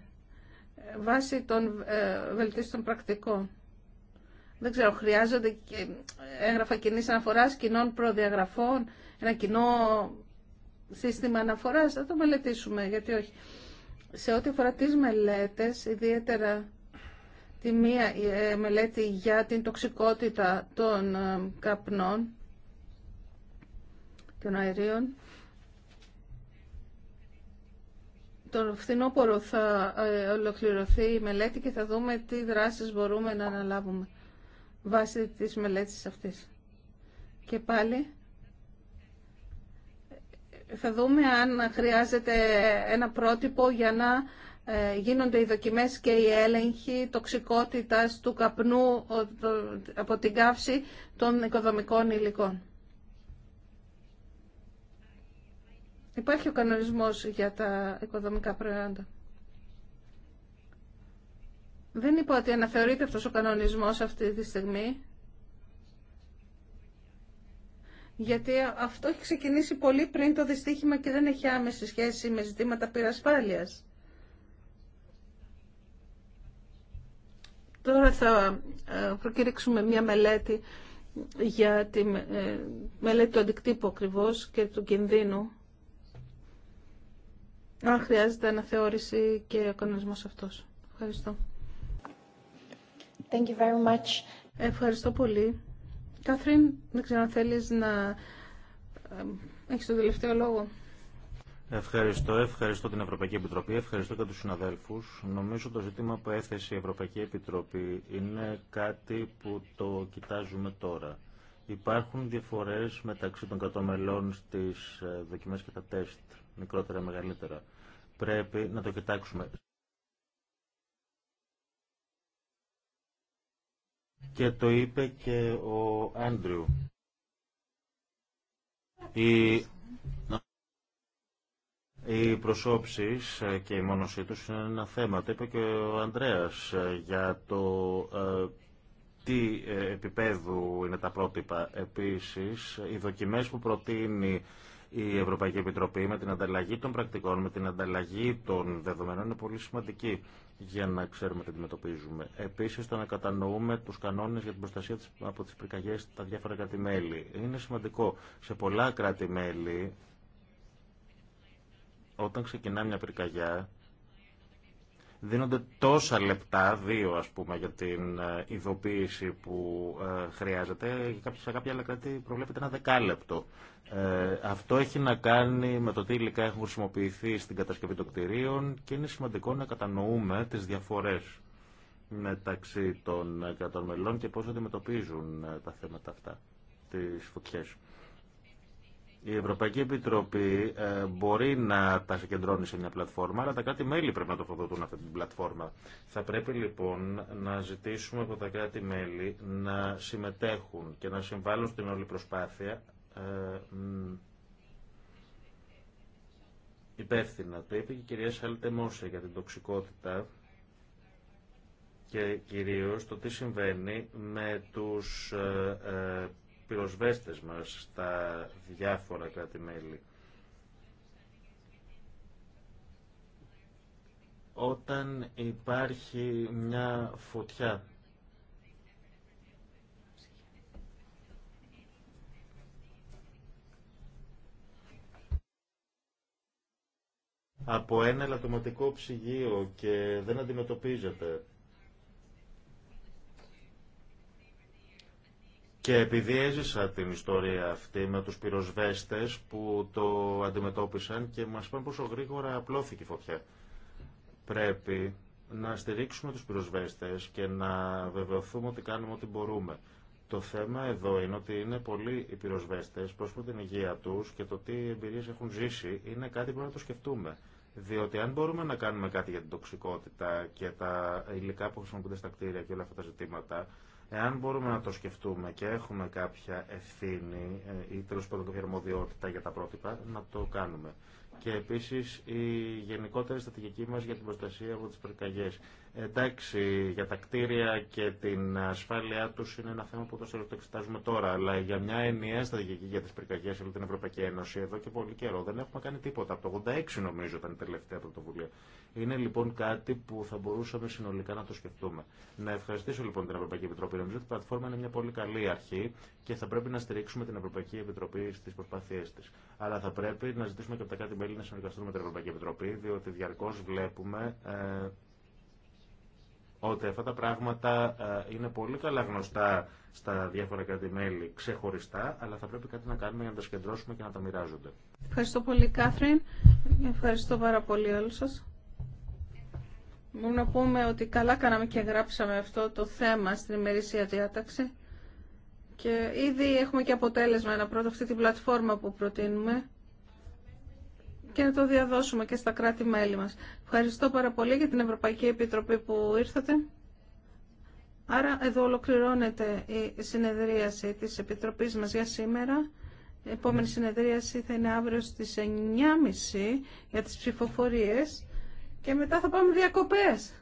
ε, βάσει των ε, βελτίστων πρακτικών δεν ξέρω, χρειάζονται έγγραφα κοινή αναφορά, κοινών προδιαγραφών, ένα κοινό σύστημα αναφορά. Θα το μελετήσουμε, γιατί όχι. Σε ό,τι αφορά τι μελέτε, ιδιαίτερα τη μία ε, μελέτη για την τοξικότητα των ε, καπνών, των αερίων, τον φθινόπωρο θα ε, ολοκληρωθεί η μελέτη και θα δούμε τι δράσεις μπορούμε να αναλάβουμε βάσει της μελέτης αυτής. Και πάλι θα δούμε αν χρειάζεται ένα πρότυπο για να ε, γίνονται οι δοκιμές και οι έλεγχοι τοξικότητας του καπνού από την καύση των οικοδομικών υλικών. Υπάρχει ο κανονισμός για τα οικοδομικά προϊόντα. Δεν είπα ότι αναθεωρείται αυτός ο κανονισμός αυτή τη στιγμή. Γιατί αυτό έχει ξεκινήσει πολύ πριν το δυστύχημα και δεν έχει άμεση σχέση με ζητήματα πυρασφάλειας. Τώρα θα ε, προκηρύξουμε μια μελέτη για τη ε, μελέτη του αντικτύπου ακριβώ και του κινδύνου. Αν χρειάζεται αναθεώρηση και ο κανονισμός αυτός. Ευχαριστώ. Thank you very much. Ευχαριστώ πολύ. Κάθριν, δεν ξέρω αν θέλεις να έχεις το τελευταίο λόγο. Ευχαριστώ, ευχαριστώ την Ευρωπαϊκή Επιτροπή, ευχαριστώ και τους συναδέλφους. Νομίζω το ζήτημα που έθεσε η Ευρωπαϊκή Επιτροπή είναι κάτι που το κοιτάζουμε τώρα. Υπάρχουν διαφορές μεταξύ των κατομελών στις ε, δοκιμές και τα τεστ, μικρότερα, μεγαλύτερα. Πρέπει να το κοιτάξουμε. Και το είπε και ο Άντριου. Η... Οι προσώψεις και η μόνοσή τους είναι ένα θέμα. Το είπε και ο Ανδρέας για το ε, τι ε, επίπεδου είναι τα πρότυπα. Επίσης, οι δοκιμές που προτείνει η Ευρωπαϊκή Επιτροπή με την ανταλλαγή των πρακτικών, με την ανταλλαγή των δεδομένων είναι πολύ σημαντική για να ξέρουμε τι αντιμετωπίζουμε. Επίσης, το να κατανοούμε τους κανόνες για την προστασία από τις πρικαγιές στα διάφορα κράτη-μέλη. Είναι σημαντικό. Σε πολλά κράτη-μέλη, όταν ξεκινά μια πυρκαγιά, δίνονται τόσα λεπτά, δύο ας πούμε, για την ε, ειδοποίηση που ε, χρειάζεται. Σε κάποια άλλα κράτη προβλέπεται ένα δεκάλεπτο. Ε, αυτό έχει να κάνει με το τι υλικά έχουν χρησιμοποιηθεί στην κατασκευή των κτηρίων και είναι σημαντικό να κατανοούμε τις διαφορές μεταξύ των κρατών μελών και πώς αντιμετωπίζουν τα θέματα αυτά, τις φωτιές. Η Ευρωπαϊκή Επιτροπή ε, μπορεί να τα συγκεντρώνει σε μια πλατφόρμα, αλλά τα κράτη-μέλη πρέπει να το φοδοτούν αυτή την πλατφόρμα. Θα πρέπει λοιπόν να ζητήσουμε από τα κράτη-μέλη να συμμετέχουν και να συμβάλλουν στην όλη προσπάθεια ε, υπεύθυνα. Το είπε και η κυρία Σάλτε για την τοξικότητα και κυρίως το τι συμβαίνει με τους ε, πυροσβέστες μας στα διάφορα κράτη-μέλη. Όταν υπάρχει μια φωτιά από ένα λατωματικό ψυγείο και δεν αντιμετωπίζεται Και επειδή έζησα την ιστορία αυτή με τους πυροσβέστες που το αντιμετώπισαν και μας είπαν πόσο γρήγορα απλώθηκε η φωτιά. Πρέπει να στηρίξουμε τους πυροσβέστες και να βεβαιωθούμε ότι κάνουμε ό,τι μπορούμε. Το θέμα εδώ είναι ότι είναι πολλοί οι πυροσβέστες προς την υγεία τους και το τι εμπειρίες έχουν ζήσει είναι κάτι που να το σκεφτούμε. Διότι αν μπορούμε να κάνουμε κάτι για την τοξικότητα και τα υλικά που χρησιμοποιούνται στα κτίρια και όλα αυτά τα ζητήματα, Εάν μπορούμε να το σκεφτούμε και έχουμε κάποια ευθύνη ε, ή τέλο πάντων κάποια αρμοδιότητα για τα πρότυπα, να το κάνουμε και επίση, η γενικότερη στρατηγική μα για την προστασία από τι πυρκαγιέ. Εντάξει, για τα κτίρια και την ασφάλειά του είναι ένα θέμα που το εξετάζουμε τώρα, αλλά για μια ενιαία στρατηγική για τις πυρκαγιέ όλη την Ευρωπαϊκή Ένωση εδώ και πολύ καιρό δεν έχουμε κάνει τίποτα. Από το 86 νομίζω ήταν η τελευταία πρωτοβουλία. Είναι λοιπόν κάτι που θα μπορούσαμε συνολικά να το σκεφτούμε. Να ευχαριστήσω λοιπόν την Ευρωπαϊκή Επιτροπή. Νομίζω ότι η πλατφόρμα είναι μια πολύ καλή αρχή και θα πρέπει να στηρίξουμε την Ευρωπαϊκή Επιτροπή στι προσπαθίε τη. Αλλά θα πρέπει να ζητήσουμε και από τα κάτι μέλη να συνεργαστούμε με την Ευρωπαϊκή Επιτροπή, διότι διαρκώ βλέπουμε ε, ότι αυτά τα πράγματα ε, είναι πολύ καλά γνωστά στα διάφορα ξεχωριστά, αλλά θα πρέπει κάτι να κάνουμε για να τα σκεντρώσουμε και να τα μοιράζονται. Ευχαριστώ πολύ, Κάθριν. Ευχαριστώ πάρα πολύ όλους σας. Μπορούμε να πούμε ότι καλά κάναμε και γράψαμε αυτό το θέμα στην ημερήσια διάταξη και ήδη έχουμε και αποτέλεσμα να πρώτα αυτή την πλατφόρμα που προτείνουμε και να το διαδώσουμε και στα κράτη-μέλη μας. Ευχαριστώ πάρα πολύ για την Ευρωπαϊκή Επιτροπή που ήρθατε. Άρα εδώ ολοκληρώνεται η συνεδρίαση της Επιτροπής μας για σήμερα. Η επόμενη συνεδρίαση θα είναι αύριο στις 9.30 για τις ψηφοφορίες και μετά θα πάμε διακοπές.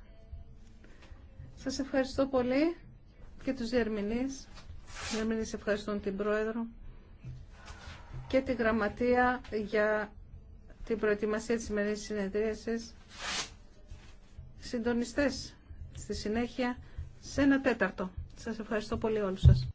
Σας ευχαριστώ πολύ και τους διερμηνείς. Οι διερμηνείς ευχαριστούν την Πρόεδρο και τη Γραμματεία για την προετοιμασία της σημερινής συνεδρίασης συντονιστές στη συνέχεια σε ένα τέταρτο. Σας ευχαριστώ πολύ όλους σας.